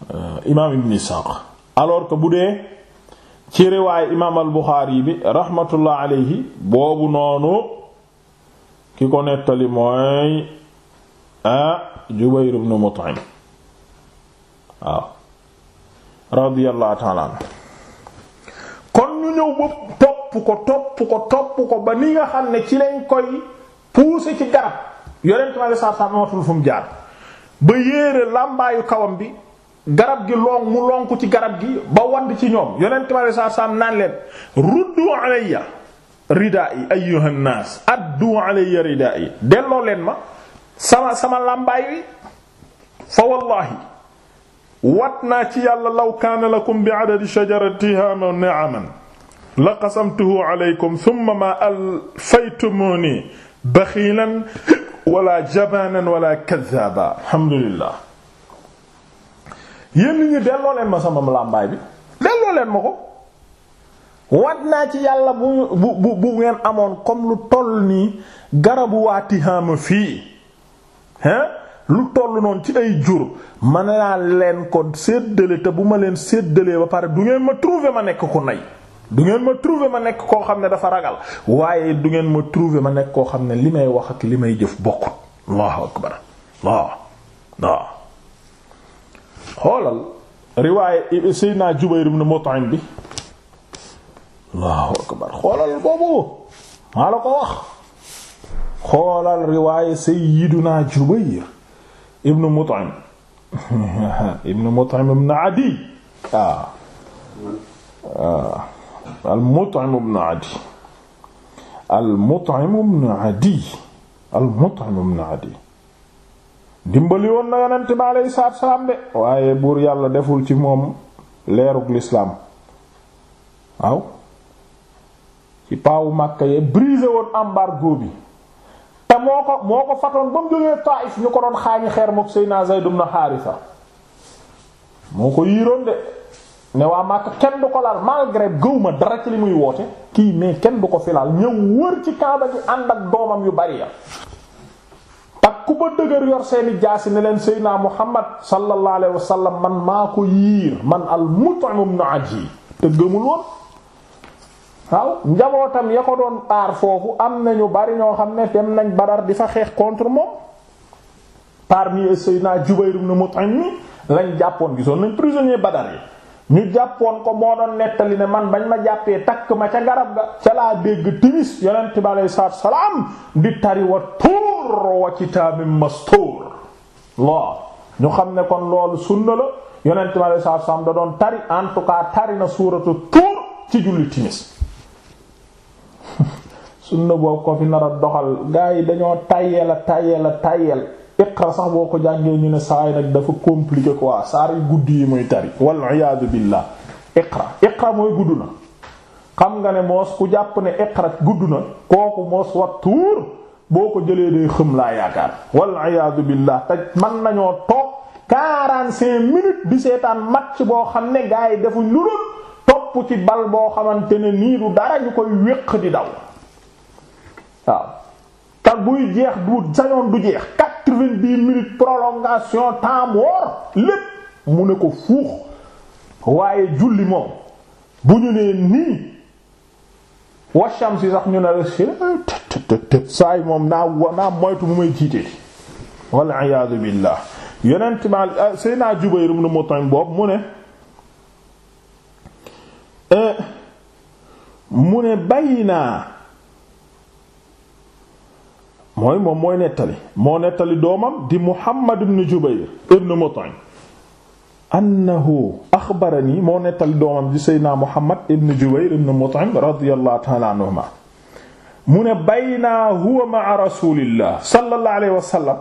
Euh, imaam ibn Isaaq alors que bu dee ci riwaay imaam al Buxaari bi rahmatullah alayhi boobu noonu ki ko nettali mooy ah Jubayr ibn Mut'im waaw radiyallahu ta'ala kon ñu ñëw ba topp ko topp ko topp ko ba ni nga xam ne ci lañ koy pousser ci garab yonent bi sallallahu alayhi wasallam amatul fu jaar ba yéere làmbaayu kawam bi garab gi long mu lonku ci garab gi ba wand ci ñoom yonent ma saa saam naan leen ruddu alayya ridaa yi ayyuhan naas addu alayya ridaa yi delloo leen ma sama sama làmbaay wi fa wallahi wat naa ci yàlla law kaana lakum bi adadi shajaratiha ni'aman la qasamtuhu alaykum thumma ma wala jabanan wala kaddaaba alhamdulillah yéen nit ñi delloo leen ma sama làmbaay bi delloo leen ma ko wat naa ci yàlla bu bu bu ngeen amoon comme lu toll nii garabu waa tihaama fii lu toll noonu ci ay jur ma man naa leen ko séddale te bu ma leen séddalee ba pare du ngeen ma trouver ma nekk ku nay du ngeen ma trouver ma nekk koo xam ne dafa ragal waaye du ngeen ma trouver ma nekk koo xam ne li may wax ak li may jëf bokkut allahu akbar waaw xoolal riwaaye Seydina Jubayr ibn Mut'im bi Allahu akbar xoolal boobu maa la ko wax xoolal riwaaye Seydina Jubayr ibn Mut'im ibn Mut'im ibn Adi ah. ah al-Mut'im ibn Adi al-Mut'im ibn Adi al-Mut'im ibn Adi dimbali woon na yonent bi aleyhi salaatu salaam de waaye buur yàlla deful ci moom leerug lislaam waaw ci paawu Makka yee brisé woon embargo bi te moo ko moo ko fatoon ba mu jógee Taif ñu ko doon xaañi xeer moom Seydina Zayd ibn Haarisa moo ko yiiroon de ne waa Makka kenn du ko laal malgré gëwma dara ci li muy woote kii mais kenn du ko filaal ñëw wër ci Kaaba gi ànd ak doomam yu bari ya takku ba dëgër yor seeni jaasi ne leen naa muhammad sallallahu alayhi wasallam man maa ko yiir man al Mut'im ibn Adi te gëmul woon waaw njabootam ya ko doon aar foofu am na nañu bari ñoo xam ne dem nañ Badar di fa xeex contre moom parmi seydinaa Jubayr ibn Mut'im lañ jàppoon gisoon nañ prisonnier Badar yi ñu jàppoon ko moo doon nettali ne man bañ ma jàppee takk ma ca garab ga ca laa dégg timis yonent bi aleyhi salaatu salaam di tari wa tuur wa kitaabin mastuur loo ñu xam ne kon loolu sunna la yonent bi salaam da doon tari en tout cas tari na suuratu tuur ci julli timis sunna boobu ko fi nar a doxal gaa yi dañoo tayela tayela tayel iqra sax boo ko jàngee ñu ne saay nag dafa compliqué quoi saar yu gudd yi muy tari wal iyaadu billah iqra iqra mooy gudd na xam nga ne moos ku jàpp ne iqra gudd na kooku moos wat tuur boo ko jëlee day xëm laa yaakaar wal iyaadu billah te man nañoo toog quarante-cinq minutes di seetaan match boo xam ne gars yi defuñ lu dul topp ci bal boo xamante ne nii du dara ñu koy wéq di daw waaw te buy jeex du sañoon du jeex minutes prolongation temps mort lépp mu ne ko fuux waaye julli moom bu ñu nee nii washam si sax ñu ne rek saa yi moom naa naa moytu mu may jiitee wal iyaadu billah yonent ma ah, Seydina Jubayr ibn mu ne eh, mu ne bay mooy moom mooy nettali moo nettali doomam di Muhammad ibn Jubayr ibn Mut'im annahu axbarani moo nettali doomam di Seydina Muhammad ibn Jubayr ibn Mut'im radiyallahu ta'ala anhuma mu ne baynaa huwa ma'a rasulillah sallallahu alayhi wa sallam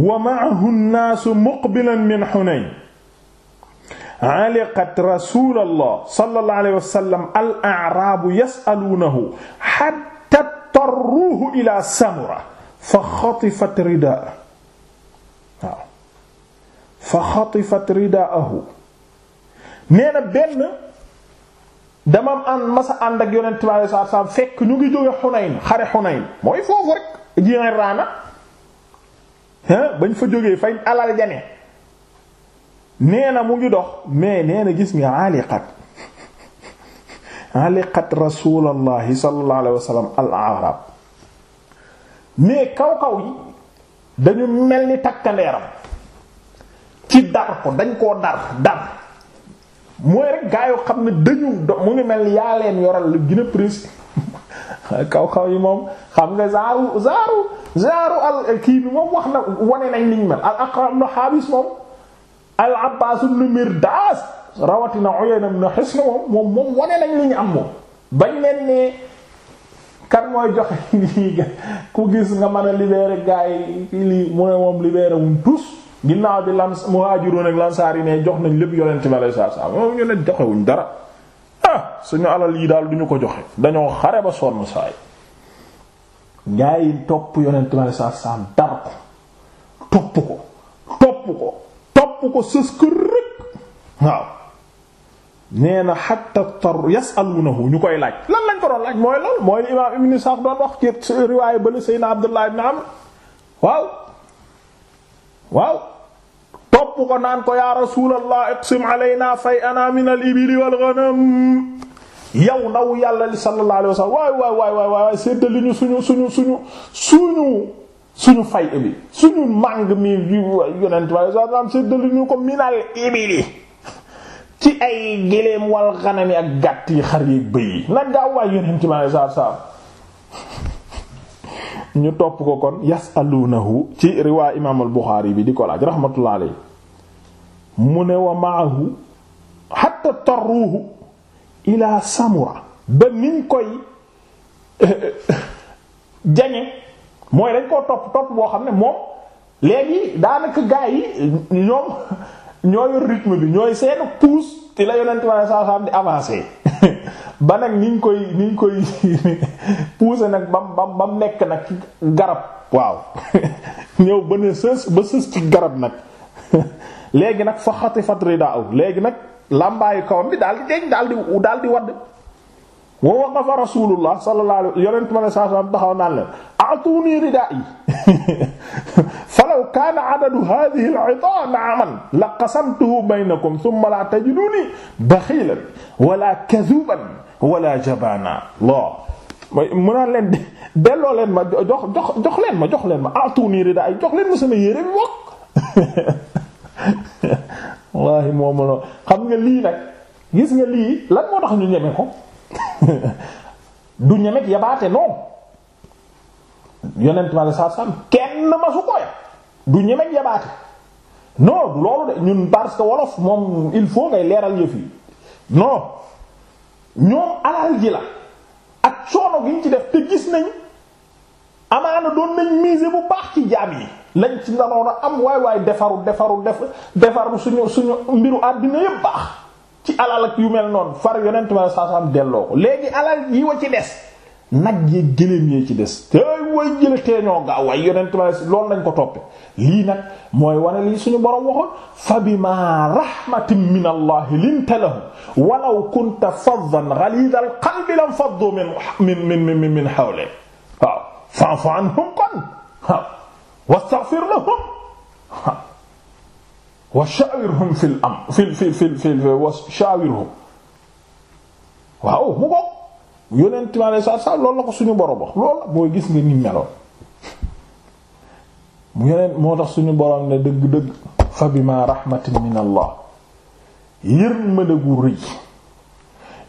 wa ma'ahu an-naasu muqbilan min Hunayn aliqat rasulallah sallallahu alayhi wa sallam al-a'raabu yas'aluunahu hatta ruuhu ila samura fa xatifat ridaa waaw fa xatifat ridaahu nee benn dama am masa ànd ak yonent bi alayhi salaatu salaam fekk ñu ngi jóge Xunayn xare Xunayn mooy foofu rek Jiiraana bañ fa jógee fañ alal jane nee na mu ngi dox mais nee na gis nga aliqat aliqat rasulallahi sallallahu alayhi wa sallam kaw-kaw yi dañu mel ni takkandeeram ci dar ko dañ koo dar dar mooy rek gaa yoo xam ne dañu mu ngi mel yaa leen yoral lu gën prise kaw-kaw yi moom xam nga zaaru zaaru zaaru al kii bi moom wax na wane nañ liñ mel al aqram no xaabis moom al abbas ibn mirdas rawatina Uyayna ibn Hisn moom moom wane nañ li ñu am moom bañ leen ne kan mooy joxe lii ku gis nga mën a libérer gars yi lii mu ne moom libérer wuñ tous ginnaaw bi lan muhaajiruun ak lansaar yi ne jox nañ lépp yonent mi alayhi moom ñu joxewuñ dara ah suñu alal yi daal duñu ko joxe dañoo xare ba sonn saay gars yi topp yonent mi alayhi salaatu salaam dar ko topp ko topp ko topp ko sës ko rëkk waaw nee na hatta tar yasaluunahu ñu koy laaj lan lañ ko doon laaj mooy lool mooy imaam ibn Isaaq doon wax ci riwaayu bale Seydina Abdullah ibn Amr waaw waaw topp ko naan ko yaa rasuulallah iqsim alayna fay'ana min al wal ghanam yow ndaw yàlla li sallallahu alayhi fay bi suñu ci ay géléem wal xanami ak gàtt yi xar yi bëy yi na gaaw waay yonent mi alei saatu salaam ñu topp ko kon yasaluunahu ci riwaa imaamul Buxaari bi di ko laaj mu ne wa maahu hatta tarruuhu ila samura ba niñ koy jañe mooy dañ topp topp boo xam ne moom léegi daanaka gaa yi ñoom ñoo yor bi ñooy seen pousse ti la yonent waaye saa saa di avancer ba nag niñ koy niñ koy pousser nag ba bam bam nekk nag ci garab waaw ñëw ba ne sës ba sës ci garab nag léegi nag fa xatifat ridaa léegi nag làmbaayu kawam bi daal di deñ daal di daal di wadd wa waqafa rasulullah sallallahu alayhi yonent ma ne saa saa taxaw naan leen atuni ridaa yi law kaana adadu hadhihi al-'itaan 'aman laqasamtuhu baynakum thumma la tajiduni bakhilan wala kadhuban wala jabana lo mooy mu naan leen delloo leen ma jox jox jox leen ma jox leen ma atuni rida ay jox leen ma sama yére bi wokk wallahi moom la xam nga lii nag gis nga lii lan moo tax ñu ñeme ko du ñemek yabaate noonu yonent ma la saa sam kenn ma su koya du ñemeñ yabaate no du loolu de ñun parce que wolof moom il faut ngay leeral yëf yi non ñoom alal ji la ak coono gi ñu ci def te gis nañ amaana doon nañ miser bu baax ci jaam yi lañ ci nanoon a am waay waay defaru defaru def defaru suñu suñu mbiru àddina yëpp baax ci alal ak yu mel noon far yonent ma saa saa delloo ko léegi alal yi wa ci des nag yi gëléem yee ci des te way jële teeñoo gaaw waaye yonent ma loolu lañ ko toppe lii nag mooy wane lii suñu borom waxoon fa bima rahmatin min allah linta lahum walaw kunta faddan ghalidha al qalbi lam faddu min min min min min hawli waaw fa'fu anhum kon waaw wastaghfir lahum wa shawirhum fil amr fil fil fil fil wa shawirhum waaw mu ko yonent mi aleyhi salaatu salaam na ko suñu borom wax loolu la mooy gis nga ni meloon mu yonent moo tax suñu borom ne dëgg-dëgg fa bima rahmatin min allah yërmande gu rëy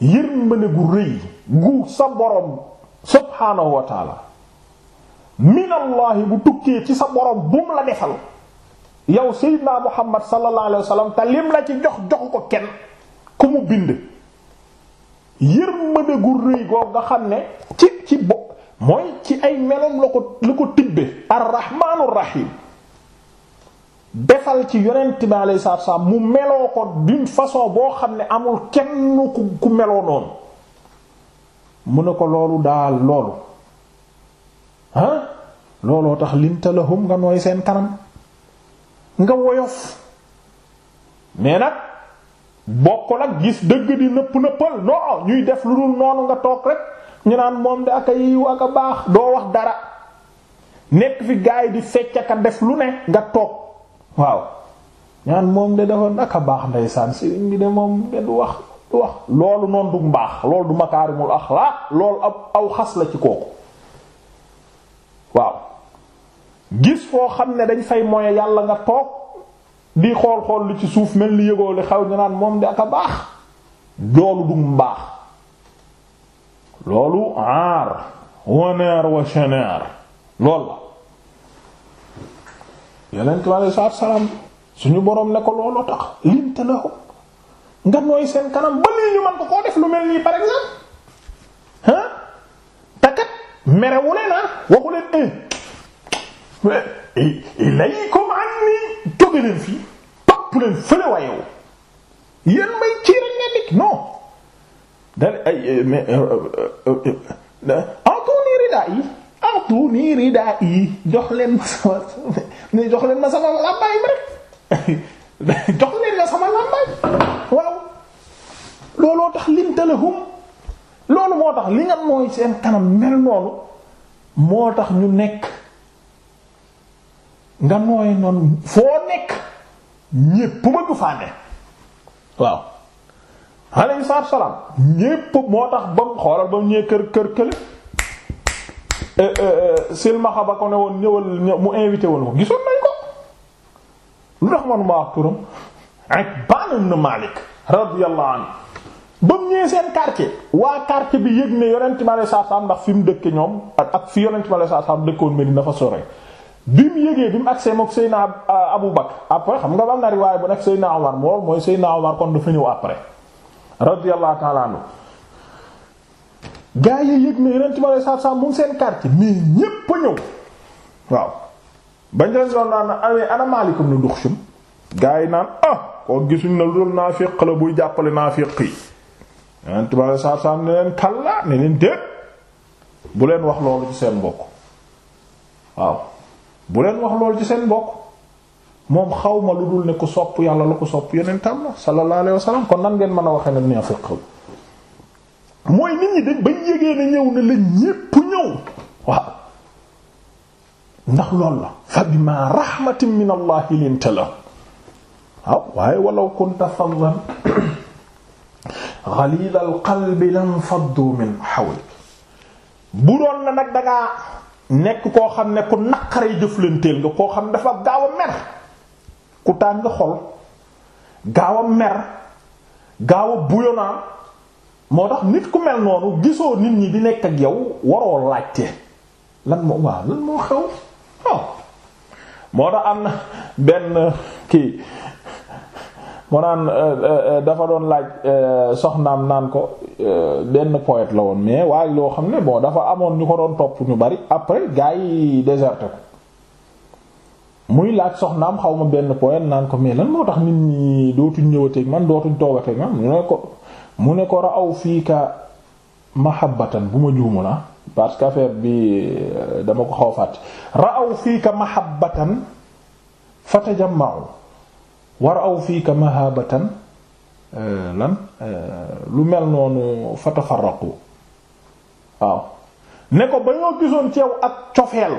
yërmande gu rëy gu sa borom subhaanahu wa taala bu tukkee ci sa borom bum la defal yow sayyidna muhammad sallallahu alayhi wa te lim la ci jox joxu ko kenn ku mu bind yërmande gu rëy nga xam ne ci ci bopp mooy ci ay meloom la ko la ko tibbe arrahmaanur rahim defal ci yonent bi alayhi salaatu salaam mu meloo ko d'une façon boo xam ne amul kenn ku ku meloo noonu mu ne ko loolu daal loolu ah looloo tax linta nga nooy seen kanam nga woyof mais nag bokkul ak gis dëgg di nëpp nëppal non ñuy def lu dul noonu nga toog rek ñu naan moom de ak a yiw ak a baax doo wax dara nekk fi gaay di fecc ak a def lu ne nga toog waaw ñaan moom de dafa ak a baax ndeysaan sëriñ bi de moom de du wax du wax loolu noonu du mbaax loolu du makaarimul axlaaq loolu ab aw xas la ci kooku waaw gis foo xam ne dañ say moye yàlla nga toog di xool xool lu ci suuf mel ni yëgoo li xaw ñu naan moom di ak baax loolu du mbaax loolu aar waneer wa sheneer lool la yeneen ki aley boroom ne ko looloo la waxuleen eh, eh, eh, ilaykum anni jóge leen fii papp leen fële wa may ci rek ngeen nekk non dane ay eh, mais eh, eh, atuni rida yi atuni jox leen ma sama ne jox leen ma sama làmbaay rek jox leen ma sama làmbaay waaw looloo tax limtalahum loolu moo tax li nga mooy seen kanam mel noonu moo tax ñu nekk nga nooy noonu foo nekk ñépp bëgg faa waaw alayhi salaatu salaam ñépp moo tax ba mu xoolal ba mu kër kër kële eh, eh, eh, silmaxa ba ko ne woon ñëwal mu invité woon ko gisoon nañ ko lu tax man ma wax turam Itbaan ibn Maalik radiyallahu anhu ba mu ñëwee seen quartier waa quartier bi yëg ne yonent mi alayhi salaatu salaam ndax fi mu dëkke ñoom ak fi yonent mi alayhi salaatu salaam dëkkoon Medina dafa sore bi mu yëgee bi mu agsee mook Seyna euh, Abu Bakr après xam nga am na riwaay bu nekk naa Omar moom mooy Seyna Omar kon dafa ñëw après radiyallahu ta'ala anhu gaa yi yëg ne yeneen ci ma lay saabsaab mu ngi seen quartier mais ñépp a ñëw waaw. bañ leen doon naan ana yi na ah, lu dul la buy jàppale naafiq yi yeneen ci ma lay ne leen kàllaa ne leen déet bu leen wax loolu ci seen mbokk waaw. bu leen wax lool ci seen mbokk moom xaw ma lu dul ne ku sopp yàlla la ku sopp yonentam la sallallahu alayhi wa sallam kon nan ngeen mën a waxee nag naafiq mooy nit ñi dañ bañ yégee ne ñëw ne la ñépp ñëw waaw ndax loolu la fa bima rahmatin min allah linta la waaw waaye walaw kunta faddan ghalidal qalbi lam faddu min hawlik bu doon na nag dangaa nekk koo xam ne ku naqaree jëflanteel nga koo xam ne dafa gaaw a mer ku tàng xol gaaw a mer gaaw a bouillonnant moo tax nit ku mel noonu gisoo nit ñi di nekk ak yow waroo laajte lan moo waaw lan moo xew oh. moo tax am na benn kii mu naan euh, euh, euh, dafa doon laaj soxnaam naan ko benn poète la woon mais waaye loo xam ne bo dafa amoon ñu ko doon topp ñu bari après gars yi déserté ko muy laaj soxnaam xaw ma benn poète naan ko mais lan moo tax nit ñi dootuñ ñëwateeg man dootuñ toogateeg man mu ne ko mu ne ko raaw fii ka mahabbatan bu ma juumu la ah, parce que affaire bi dama ko xaw fàtte raaw fii ka mahabbatan fatajammaw war aw fiika mahabatan euh, lan euh, lu mel noonu fatafarraqu waaw ne ko ba ñoo gisoon ci yow ak cofeel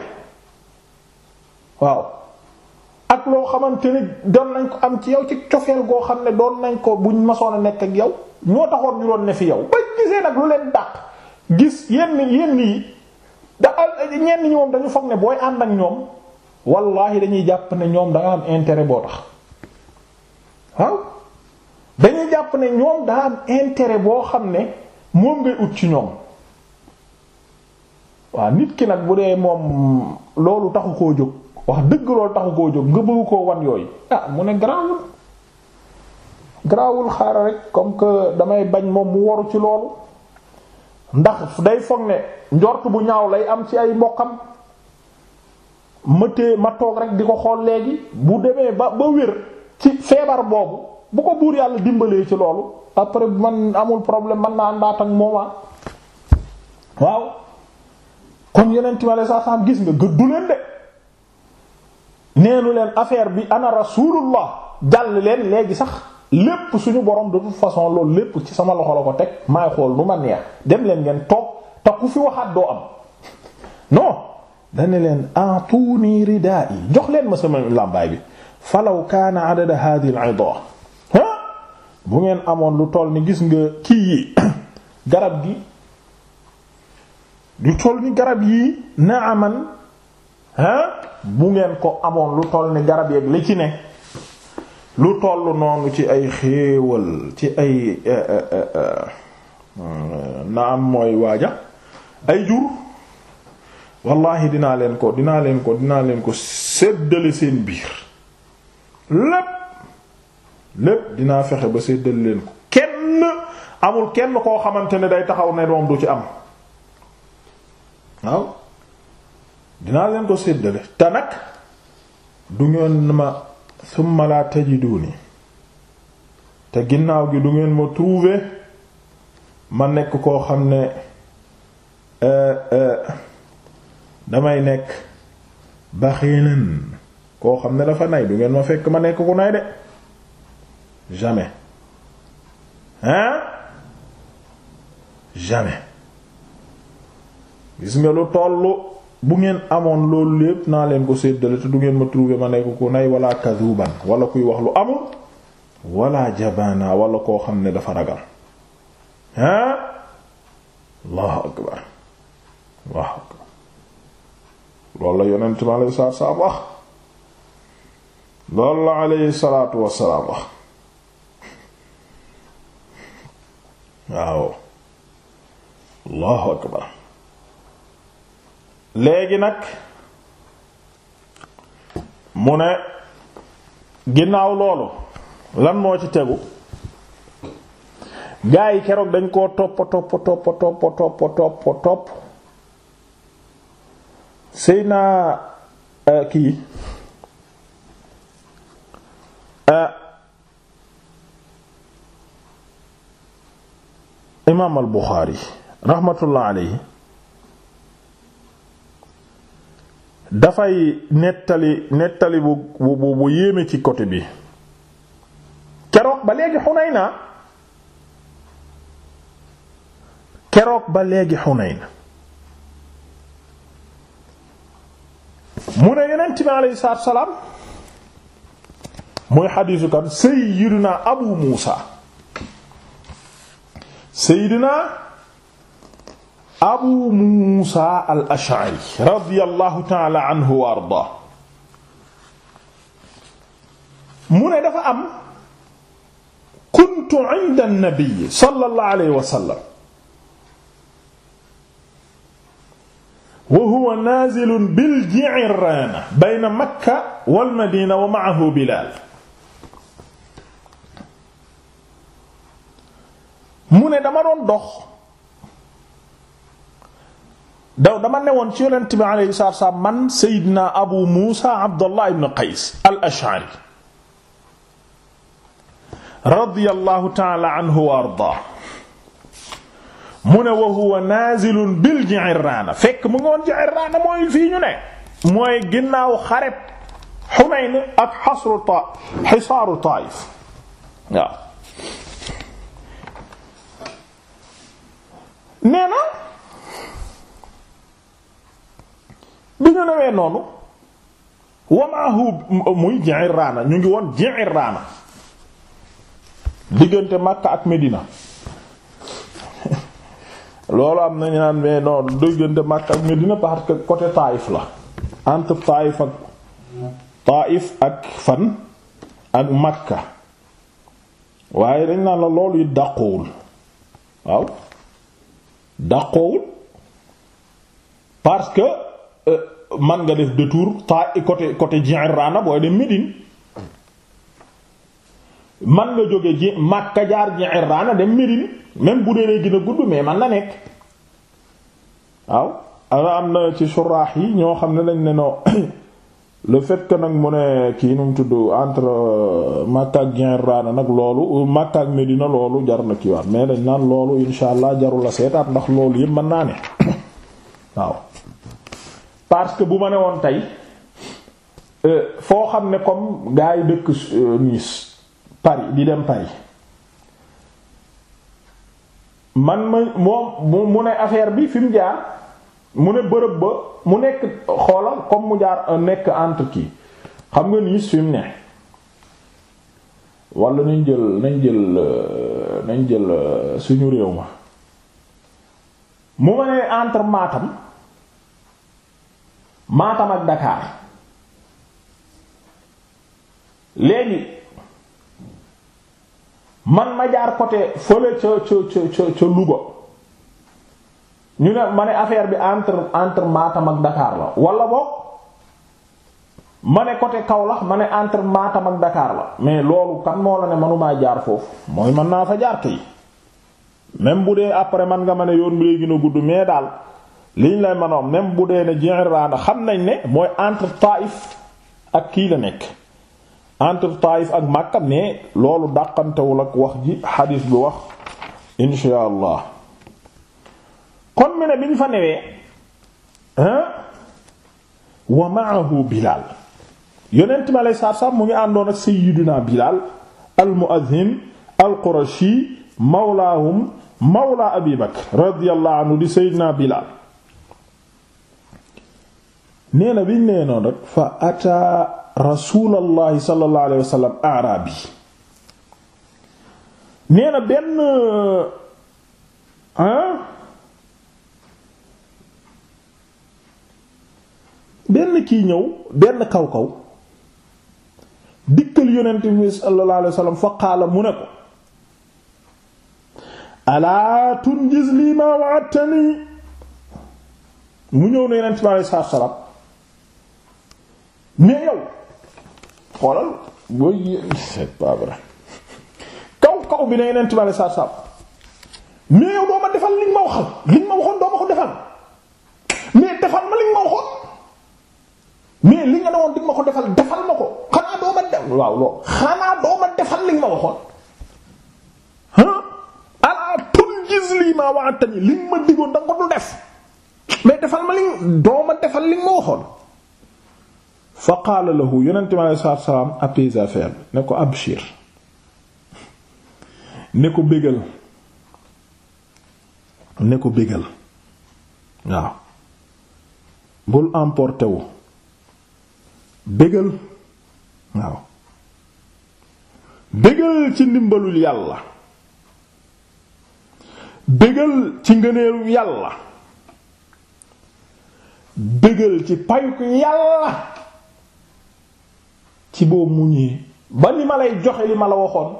waaw ak loo xamante ni doon nañ ko am ci yow ci cofeel goo xam ne doon nañ ko buñ masoon a nekk ak yow ñoo taxoon ñu doon fi yow ba gisee nag lu leen dàq gis yenn yenn yi da ñenn ñi moom dañu foog ne booy ànd ak ñoom wallaahi dañuy jàpp ne ñoom da nga am intérêt boo tax waaw dañuy jàpp ne ñoom daa am intérêt boo xam ne moom ngay ut ci ñoom waaw nit ki nag bu dee moom loolu taxu koo jóg wax dëgg loolu taxu koo jóg nga bëgg koo wan yooyu ah mu ne garaawul garaawul xaaral rek comme que damay bañ moom mu waru ci loolu ndax day foog ne njort bu ñaaw lay am ci ay mbokkam ma tee ma toog rek di ko xool léegi bu demee ba ba wér ci feebar boobu bu ko buur yàlla dimbalee ci loolu après man amul problème man naa àndaat ak mooma ah. waaw kon yeneen timale sax saam gis nga gëddu leen de neenu leen affaire bi ana rasulullah jàll leen léegi sax lépp suñu boroom de toute façon loolu lépp ci sama loxo la ko teg maay xool nu ma neex dem leen ngeen toog te ku fi waxaat doo am non dane leen atuni ridaa yi jox leen ma sama làmbaay bi falaw kaana adada hadhihi al-'idha bu ngeen amoon lu toll ni gis nga kii yi garab gi lu toll ni garab yi na'aman bu ngeen ko amoon lu toll ni garab yeeg li ci ne lu toll noonu ci ay xéewal ci ay eh, eh, eh, naam mooy waaja ay jur wallahi dinaa leen ko dinaa leen ko dinaa leen ko séddale seen biir lépp lépp dinaa fexe ba séddal leen ko kenn amul kenn koo xamante ne day taxaw ne doom du ci am waaw dinaa leen ko séddale te nag du ngeen ma summa laa tajiduni te ginnaaw gi du ngeen ma trouver ma nekk koo xam ne eh, eh, damay nekk baxiinan koo xam ne dafa nay du ngeen ma fekk ma nekk ku nay de jamais hein jamais gis nga lu tollu bu ngeen amoon loolu lépp naa leen ko séddale te du ngeen ma trouver ma nekk ku nay wala kazuban wala kuy wax lu amul wala jabana walla koo xam ne dafa ragal hein allahu akbar allahu akbar loolu la yonent ma lay saa wax loolu la aleyhi salaatu wassalaam waaw allahu akbar léegi nag mu ne ginnaaw loolu lan moo ci tegu gaa yi keroog dañ koo toppa toppa toppa toppa toppa topp sëy eh, kii Ah. imaam al Buxaari dafay nettali bu yéeme ci côté bi keroog ba léegi Xunayna keroog ba léegi Xunayna mu ne Yonent bi salaam muy xadiisu kan sayyidina abu muusa sayyidina abu muusa al ash'ari radiyallahu ta'ala anhu wa ardaa mu ne dafa am kuntu inda an-nabi sallallahu alayhi wa sallam wa huwa naazilun bil ji'raana bayna makka wal madiina wa ma'ahu bilaal mu ne dama doon dox daw dama newoon ci yonent bi alayhi salaatu wassalaam man Seydina Abu Muusa Abdallah ibn Qays al-Ash'ari radiyallahu ta'ala anhu wa ardaa mu ne wa huwa naazilun bil Ji'irraana fekk mu ngi woon Ji'irraana mooy fii ñu ne mooy ginnaaw xareb Hunayn ak xasru Taa'if xisaaru Taa'if waaw nee na bi ñu newee noonu wamaahu muy Ji'irraana ñu ngi woon Ji'irraana diggante Makka ak Medina loolu am nañu naan mais non diggante Makka ak Medina parce que côté la entre Taïf ak Taïf ak fan ak Makka waaye dañ naan la loolu yi dàqowul waaw dàqoowul parce que euh, man nga def détour ta côté côté Ji'rana booy dem Médine man nga jóge ji Makka jaar Ji'rana dem Médine même bu dee lay gën gudd mais man na nekk waaw am na ci suraax yi ñoo xam ne dañ ne le fait que nag mu ne kii nu mu tudd entre euh, Makka ak Jirana nag loolu euh, Makka ak Medina loolu jar na kiiwaat mais dañ naan loolu insha allah jarul la seetaat ndax loolu yëpp mën naa ne waaw parce que bu ma ne woon tey euh, foo xam ne comme gars yi dëkk Nice Paris di dem Paris man ma moom mu ne affaire bi fi mu jaar. mu ne bërëb ba mu nekk xoolal comme mu jaar euh, nekk entre kii xam nga niis fi ne wala nañ jël nañ jël euh, jël euh, suñu réew ma mu ma ne entre Matam Matam ak Dakar léegi man ma jaar côté fële ca ca ca ca luba ñu ne ma ne affaire bi entre entre Matam ak Dakar la wala boog ma ne côté Kaolack ma ne entre Matam ak Dakar la mais loolu kan moo la ne manumaa jaar foofu mooy mën naa fa jaar kay même bu dee après man nga ma ne yoon léegi lay a gudd mais daal liñ lay manoon même bu dee ne Ji'irraana xam nañ ne mooy entre Taïf ak kii la nekk entre Taïf ak Makka mais loolu dàqantewul ak wax ji xadiis bi wax insha allah kon mu ne bi ñu fa newee wa maahu bilaal yonent mi alay saab mu ngi àndoon ak sayyidina bilaal al mu'adhin al qurashi mawlaahum mawla abi bakr radiyallahu bilaal nee na bi nee noonu rek fa ataa rasuulallahi sallallahu alayhi wasallam arabi nee na benn benn kii ñëw benn kaw kaw dikkal yonent bi sallallahu alayhi wasallam fa qaala mu ne ko alaa tunjiz lii ma wa'adtani mu ñëw ne yonent bi sallallahu alayhi wasallam mais yow xoolal booy c'est pas kaw kaw bi ne yonent bi sallallahu alayhi wasallam mais yow doo ma defal liñ ma waxal liñ ma waxoon doo ma ko defal mais defal ma liñ ma waxoon mais li nga ne woon di ma ko defal defal ma ko xanaa doo ma def waaw loolu defal li ma waxoon ah ala tunjiz lii maa wa'adtani li ma digoon da ko du def mais defal ma li doo defal li ma waxoon. fa qaala lahu yonent mi alayhi salaatu wa salaam apaise affaire ne ko abshir ne ko bégal ne ko bégal waaw bul emporter wu. bégal waaw bégal ci ndimbalul yàlla bégal ci ngëneeru yàlla bégal ci payuk yàlla ci boo muñee ba li ma lay joxe li ma la waxoon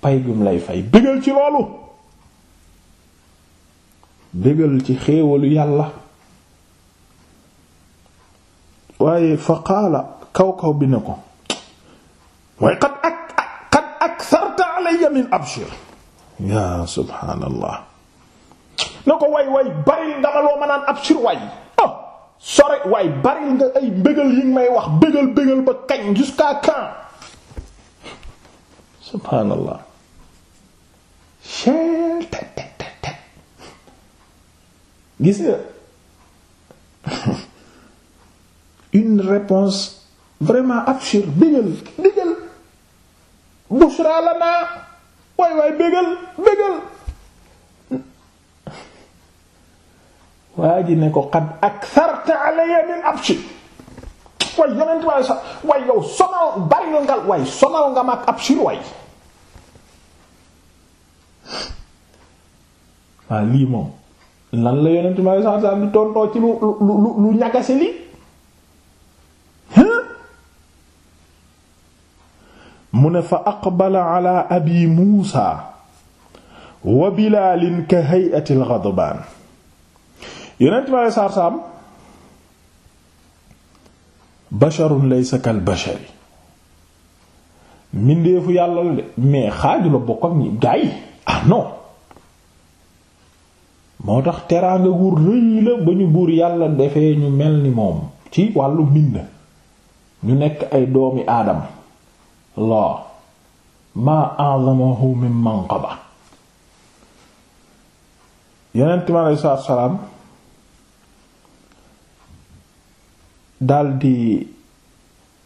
pay gum lay fay bégal ci loolu bégal ci xéewalu yàlla waaye fa qaala kaw kaw bi ne ko waaye qad ak qad aktharta alayya min abshir ya subhaanallah na ko waay waay baril loo ma naan abshir waay oh, sore waay baril nga ay mbégal yi wax bégal bégal ba kañ jusqu'à quand subhaanallah gis nga une réponse vraiment absurde bégal bégal bushra lana waay waay bégal bégal waa ji ne ko qad aktharta alayya min abshi waay yonent yow sonal bari nga waay sonal nga mag abshir waay waaw lii moom lan la yonent waay sax sax di tontoo ci lu lu lu ñagase lii ne fa aqbala ala abi muusa wa bilaalin ka hay'ati al-ghadbaan yonent bi aleyhi salaatu laysa kal bashari mbindeefu yàlla de mais xaaju la bokk ak ñi ah non moo tax teraanga gu ba ñu buur yàlla defee ñu mel ni moom ci wàllu mbind ñu nekk ay doomi aadam laa maa a'zamahu min manqaba yonent mi aleyhi salaatu salaam daldi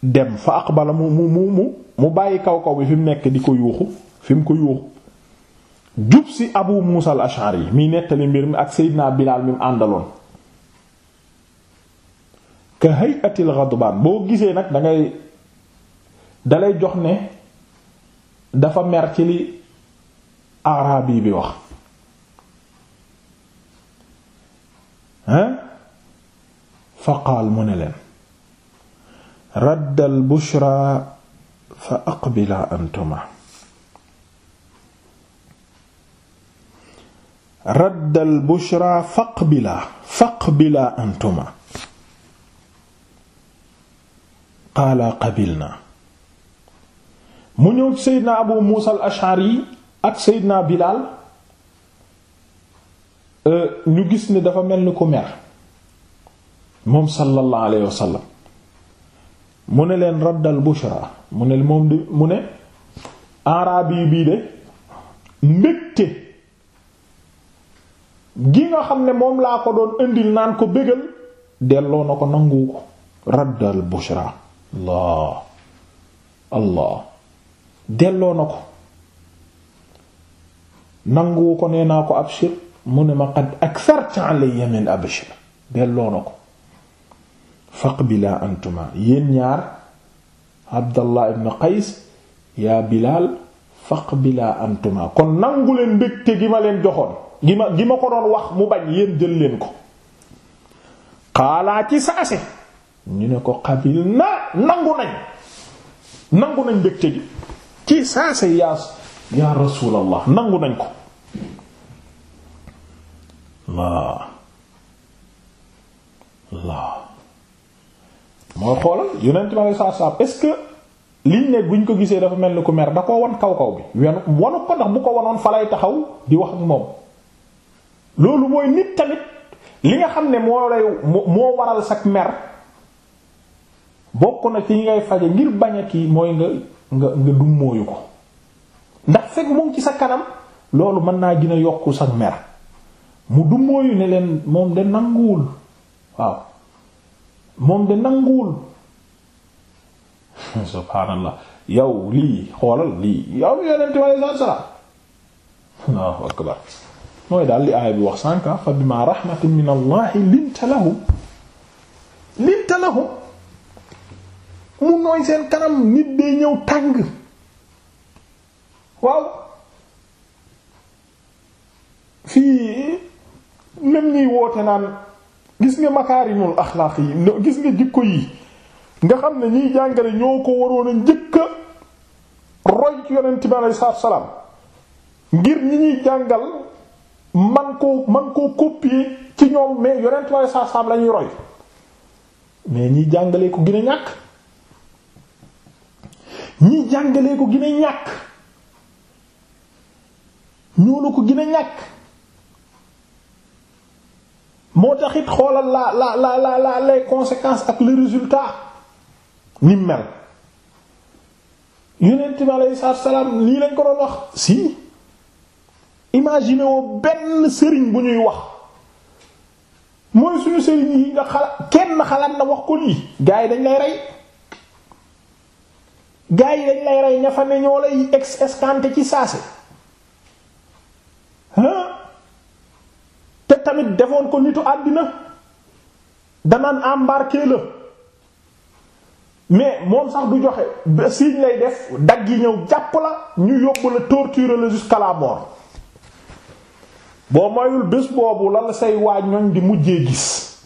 dem fa aqbala mu mu mu mu bàyyi kaw kaw bi fi nekk di ko yuuxu fi mu ko yuuxu jub si abu muusa al ashari miy nettali mbir mi ak seydinaa bilaal mi mu àndaloon ka hay'atil ghadbaan boo gisee nag dangay dalay jox ne dafa mer ci li arabi bi wax hein fa qaal mu ne leen raddal bushra fa aqbilaa antuma raddal antuma qaala qabilnaa mu ñëw Seydina Abu Muusa al-Ash'ari ak Seydina Bilaal euh, ñu gis ni dafa mel ni ku mer moom sallallahu alayhi mu ne leen raddal bushra mu ne moom di mu ne arabi bii de mbégte gi nga xam ne moom laa ko doon indil naan ko bégal delloo na ko nangu ko raddal bushra allah allah delloo na ko nanguwu ko nee naa ko abshir mu ne ma ak aktharta alayya min abshir delloo na ko faqbilaa antuma yéen ñaar abdallah ibn qays yaa bilaal faqbilaa antuma kon nangu leen mbégte gi ma leen joxoon gi ma gi ma ko doon wax mu bañ yéen jël ko xaalaa ci saase ñu ne ko qabil na nangu nañ nangu nañ mbégte gi ci saa si yaa yaa rasuulallah nangu nañ ko waaw waaw mooy xoolal yonent ma saa saab est que liñ ne buñ ko gisee dafa mel ni ku mer da koo wan kaw kaw bi wenu wanu ko ndax bu ko wanoon fa lay taxaw di wax ak moom loolu mooy nit tamit li nga xam ne moo lay moo waral sak mer bokk na ci ngay faje ngir bañ a kii mooy nga nga nga dummóoyu ko ndax fekk mu ci sa kanam loolu mën naa gën a yokku sa mer mu dummóoyu ne leen moom de nanguwul waaw moom de nanguwul subhaanallah yow lii xoolal lii yow yonente bi alei salaam Allahu akbar mooy daal di aaya bi wax sànka fa bima rahmatin min allahi linta lahum linta lahum mu nooy seen kanam nit day ñëw tàng waaw fii même ñuy woote naan gis nga makaarimul axlaaq yi gis nga jikko yi nga xam ne ñiy jàngale ñoo ko waroon a njëkk a roy ci yonent bi alei salaam ngir ñi ñuy jàngal man koo man koo copier ci ñoom mais yonent bi alei salaam la ñuy roy mais ñiy jàngale ko gën a ñàkk ñi jàngalee ko gën a ñàkk ñoo la ko gën a ñàkk moo tax it xoolal la la la la la les ak le résultat ni mel yonent bi aleyhi salaatu salaam lii lañ ko doon wax si imagine woo benn sëriñ bu ñuy wax mooy suñu sëriñ yi nga xalaat kenn xalaat na wax ko lii gars yi dañ lay rey gaa yi dañ lay rey ña fa ne ñoo lay ex escanté ci saase te tamit defoon ko nitu àddina danaan embarqué la mais moom sax du joxe signe lay def dagg yi ñëw jàpp la ñu yóbbu la torturer la jusqu'à la boo mayul bés boobu la la say waa ñoñ di mujjee gis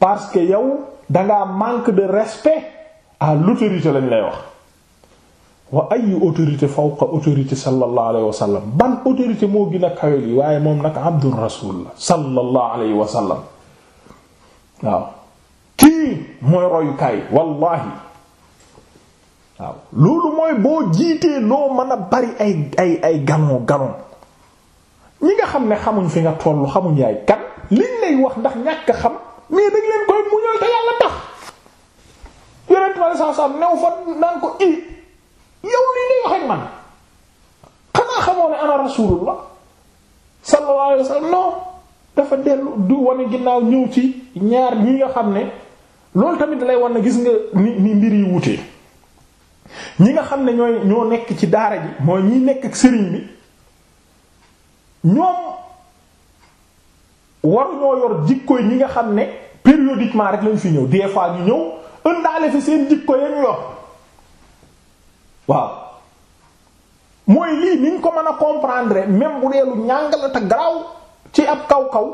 parce que yow danga manque de respect à l'autorité lañ lay wax wa autorité fawqa autorité ban autorité moo gën a kawe waaye moom nag abdur rasul la sallallahu alayhi wa sallam waaw kii mooy royukaay wallahi loolu mooy boo jiitee loo mën a bari ay ay ay galon galon ñi nga xam ne xamuñ fi nga tollu xamuñ yaay kan liñ lay wax ndax ñàkk xam mais dañ leen koy muñal te yàlla tax yonent ma la sax sax new fa naan ko i eh, yow lii lay wax ak man ne dafa dellu du wane ginnaaw ñëw ci ñaar ñi nga xam ne loolu tamit lay wan na gis nga ni ni mbir yi wutee ñi nga xam ne ñooy ñoo nekk ci daara ji mooy ñiy nekk ak sëriñ bi ñoom waruñoo yor jikkoy ñi nga xam ne périodiquement rek lañu fi ñëw des ñu ñëw ëndaale fi seen jikko yañu yor waaw mooy lii niñ ko mën a comprendre même bu dee lu ñàng la ci ab kaw kaw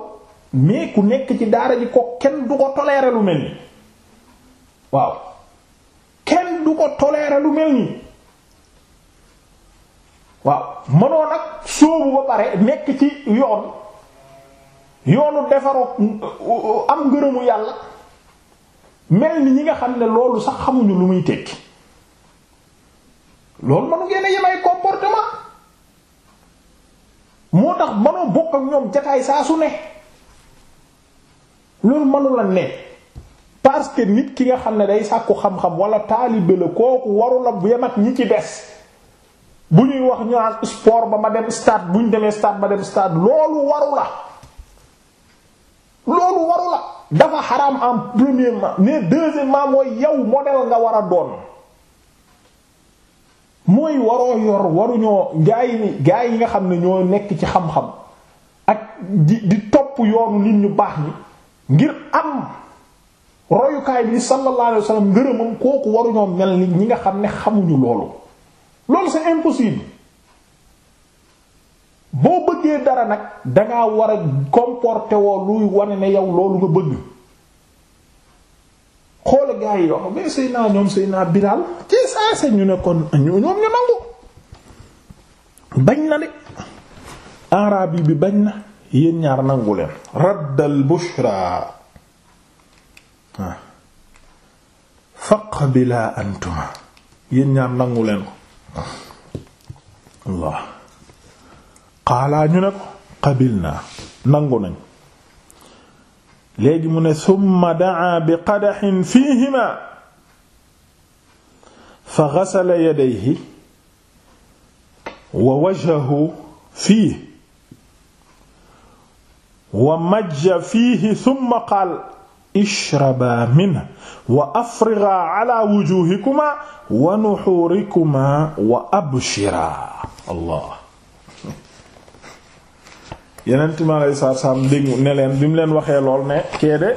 mais ku nekk ci daara ji kenn du ko tolérer lu mel ni waaw kenn du ko tolérer lu mel nii waaw mënoo nag sóobu ba pare nekk ci yoon yoonu defaroo am ngërëmu yàlla mel ni ñi nga xam ne loolu sax xamuñu lu muy tekki loolu manu ngeen a yem comportement moo tax manoo bokk ak ñoom jataay saa su ne loolu manu la ne parce que nit ki nga xam ne day sàkku xam-xam wala taalibe la kooku warula yem ak ñi ci des bu ñuy wax ñaan sport ba ma dem stade bu ñu demee stade ba dem stade loolu waru la loolu waru la dafa xaraam en premièrement mais deuxièmement mooy yow modèle nga war a doon mooy waroo yor waruñoo gaa ni gaa yi nga xam ne ñoo nekk ci xam-xam ak di di topp yoonu nit ñu baax ni ngir am royukaay bi sallallahu alayhi wasallam ngërëmam kooku waruñoo mel nit ñi nga xam ne xamuñu loolu loolu c'est impossible boo bëggee dara nag dangaa war a comporter woo luy wane ne yow loolu nga bëgg xoola gaa yi yoo mais sëy naa ñoom sëy naa Bilaal ci saa sa ñu ne kon ñoom ñu nangu bañ na de arabi bi bañ na yéen ñaar nangu leen raddal bushra xaalaa ñu ne ko qabil naa nangu nañ léegi mu ne summa daa bi qadaxin fiihima fa gasala yadayhi wa wajhahu fiihi wa majja fiihi summa qaal ishrabaa minhu wa afrigaa ala wujuuhikumaa wa nuxuurikumaa wa abshiraa allah yenent mi alei saatu dégg ne leen bi mu leen waxee lool ne keede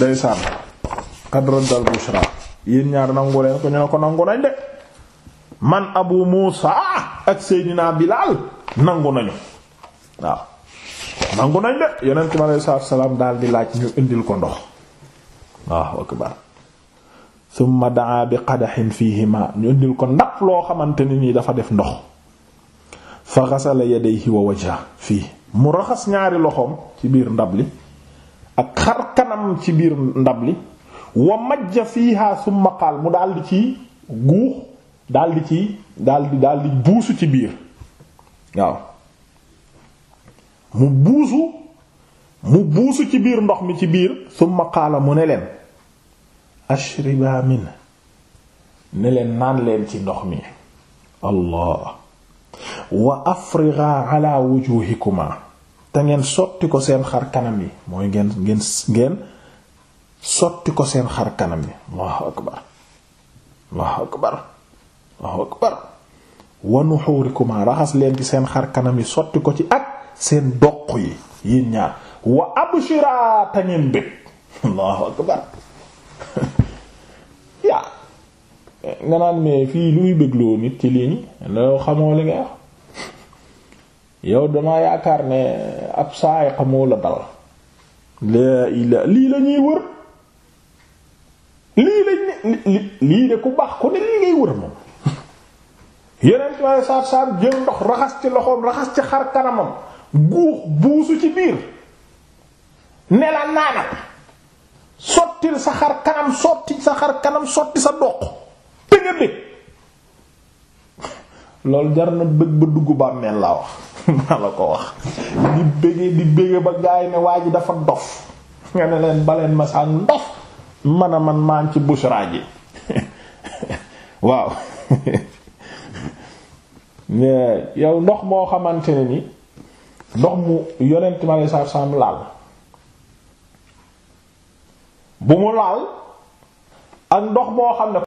day sànn xadraddal bushra yéen ñaar nangu leen ko ñu ne ko nangu nañ de man abu muusa ak seydinaa bilaal nangu nañu waaw nangu nañ de yenent mi alei saatu daal di laaj ñu indil ko ndox waaw akbar summa daa bi qadahin fiihi ma ñu indil ko ndab loo xamante ni nii dafa def ndox fa xasala yadayhi wa wajha fii mu raxas ñaari loxoom ci biir ndab li ak xar kanam ci biir ndab li wa majja fiiha summa qaal mu daldi ci guux daldi ci daldi daldi buusu ci biir waaw mu buusu mu buusu ci biir ndox mi ci biir summa qaala mu ne leen ashriba min ne leen naan leen ci ndox mi allah wa afrigha ala wujuhikuma te ngeen sotti ko seen xar kanam yi mooy ngeen ngeen ngeen sotti ko seen xar kanam yi allahu akbar allahu akbar allahu akbar wa nuhurikuma raxas leen di seen xar kanam yi sotti ko ci ak seen doq yi yéen ñaar wa abshira te ngeen bëgg allahu akbar yaa nga naan mais fii luy bégloo nit ci lii nii loo xamoo li nga yow damaa yaakaar ne ab saay xamoo la dal lii la ñuy wër lii lañ lii de ku baax ku ne lii ngay wër moom yeneen waaye saab saab jël ndox raxas ci loxoom raxas ci xar kanamam guux buusu ci biir ne la naanal sottil sa xar kanam sotti sa xar kanam sotti sa doq loolu jar na bëgg ba dugg bàmmeel laa wax maa la ko wax di bëggee di bëggee ba gaay ne waa ji dafa dof nga ne leen baleen ma saa ndof man a man maan ci bushra ji waaw yow ndox moo xamante ni ndox mu yonent ma lay saaf saam laal bu mu laal ak ndox moo xam ne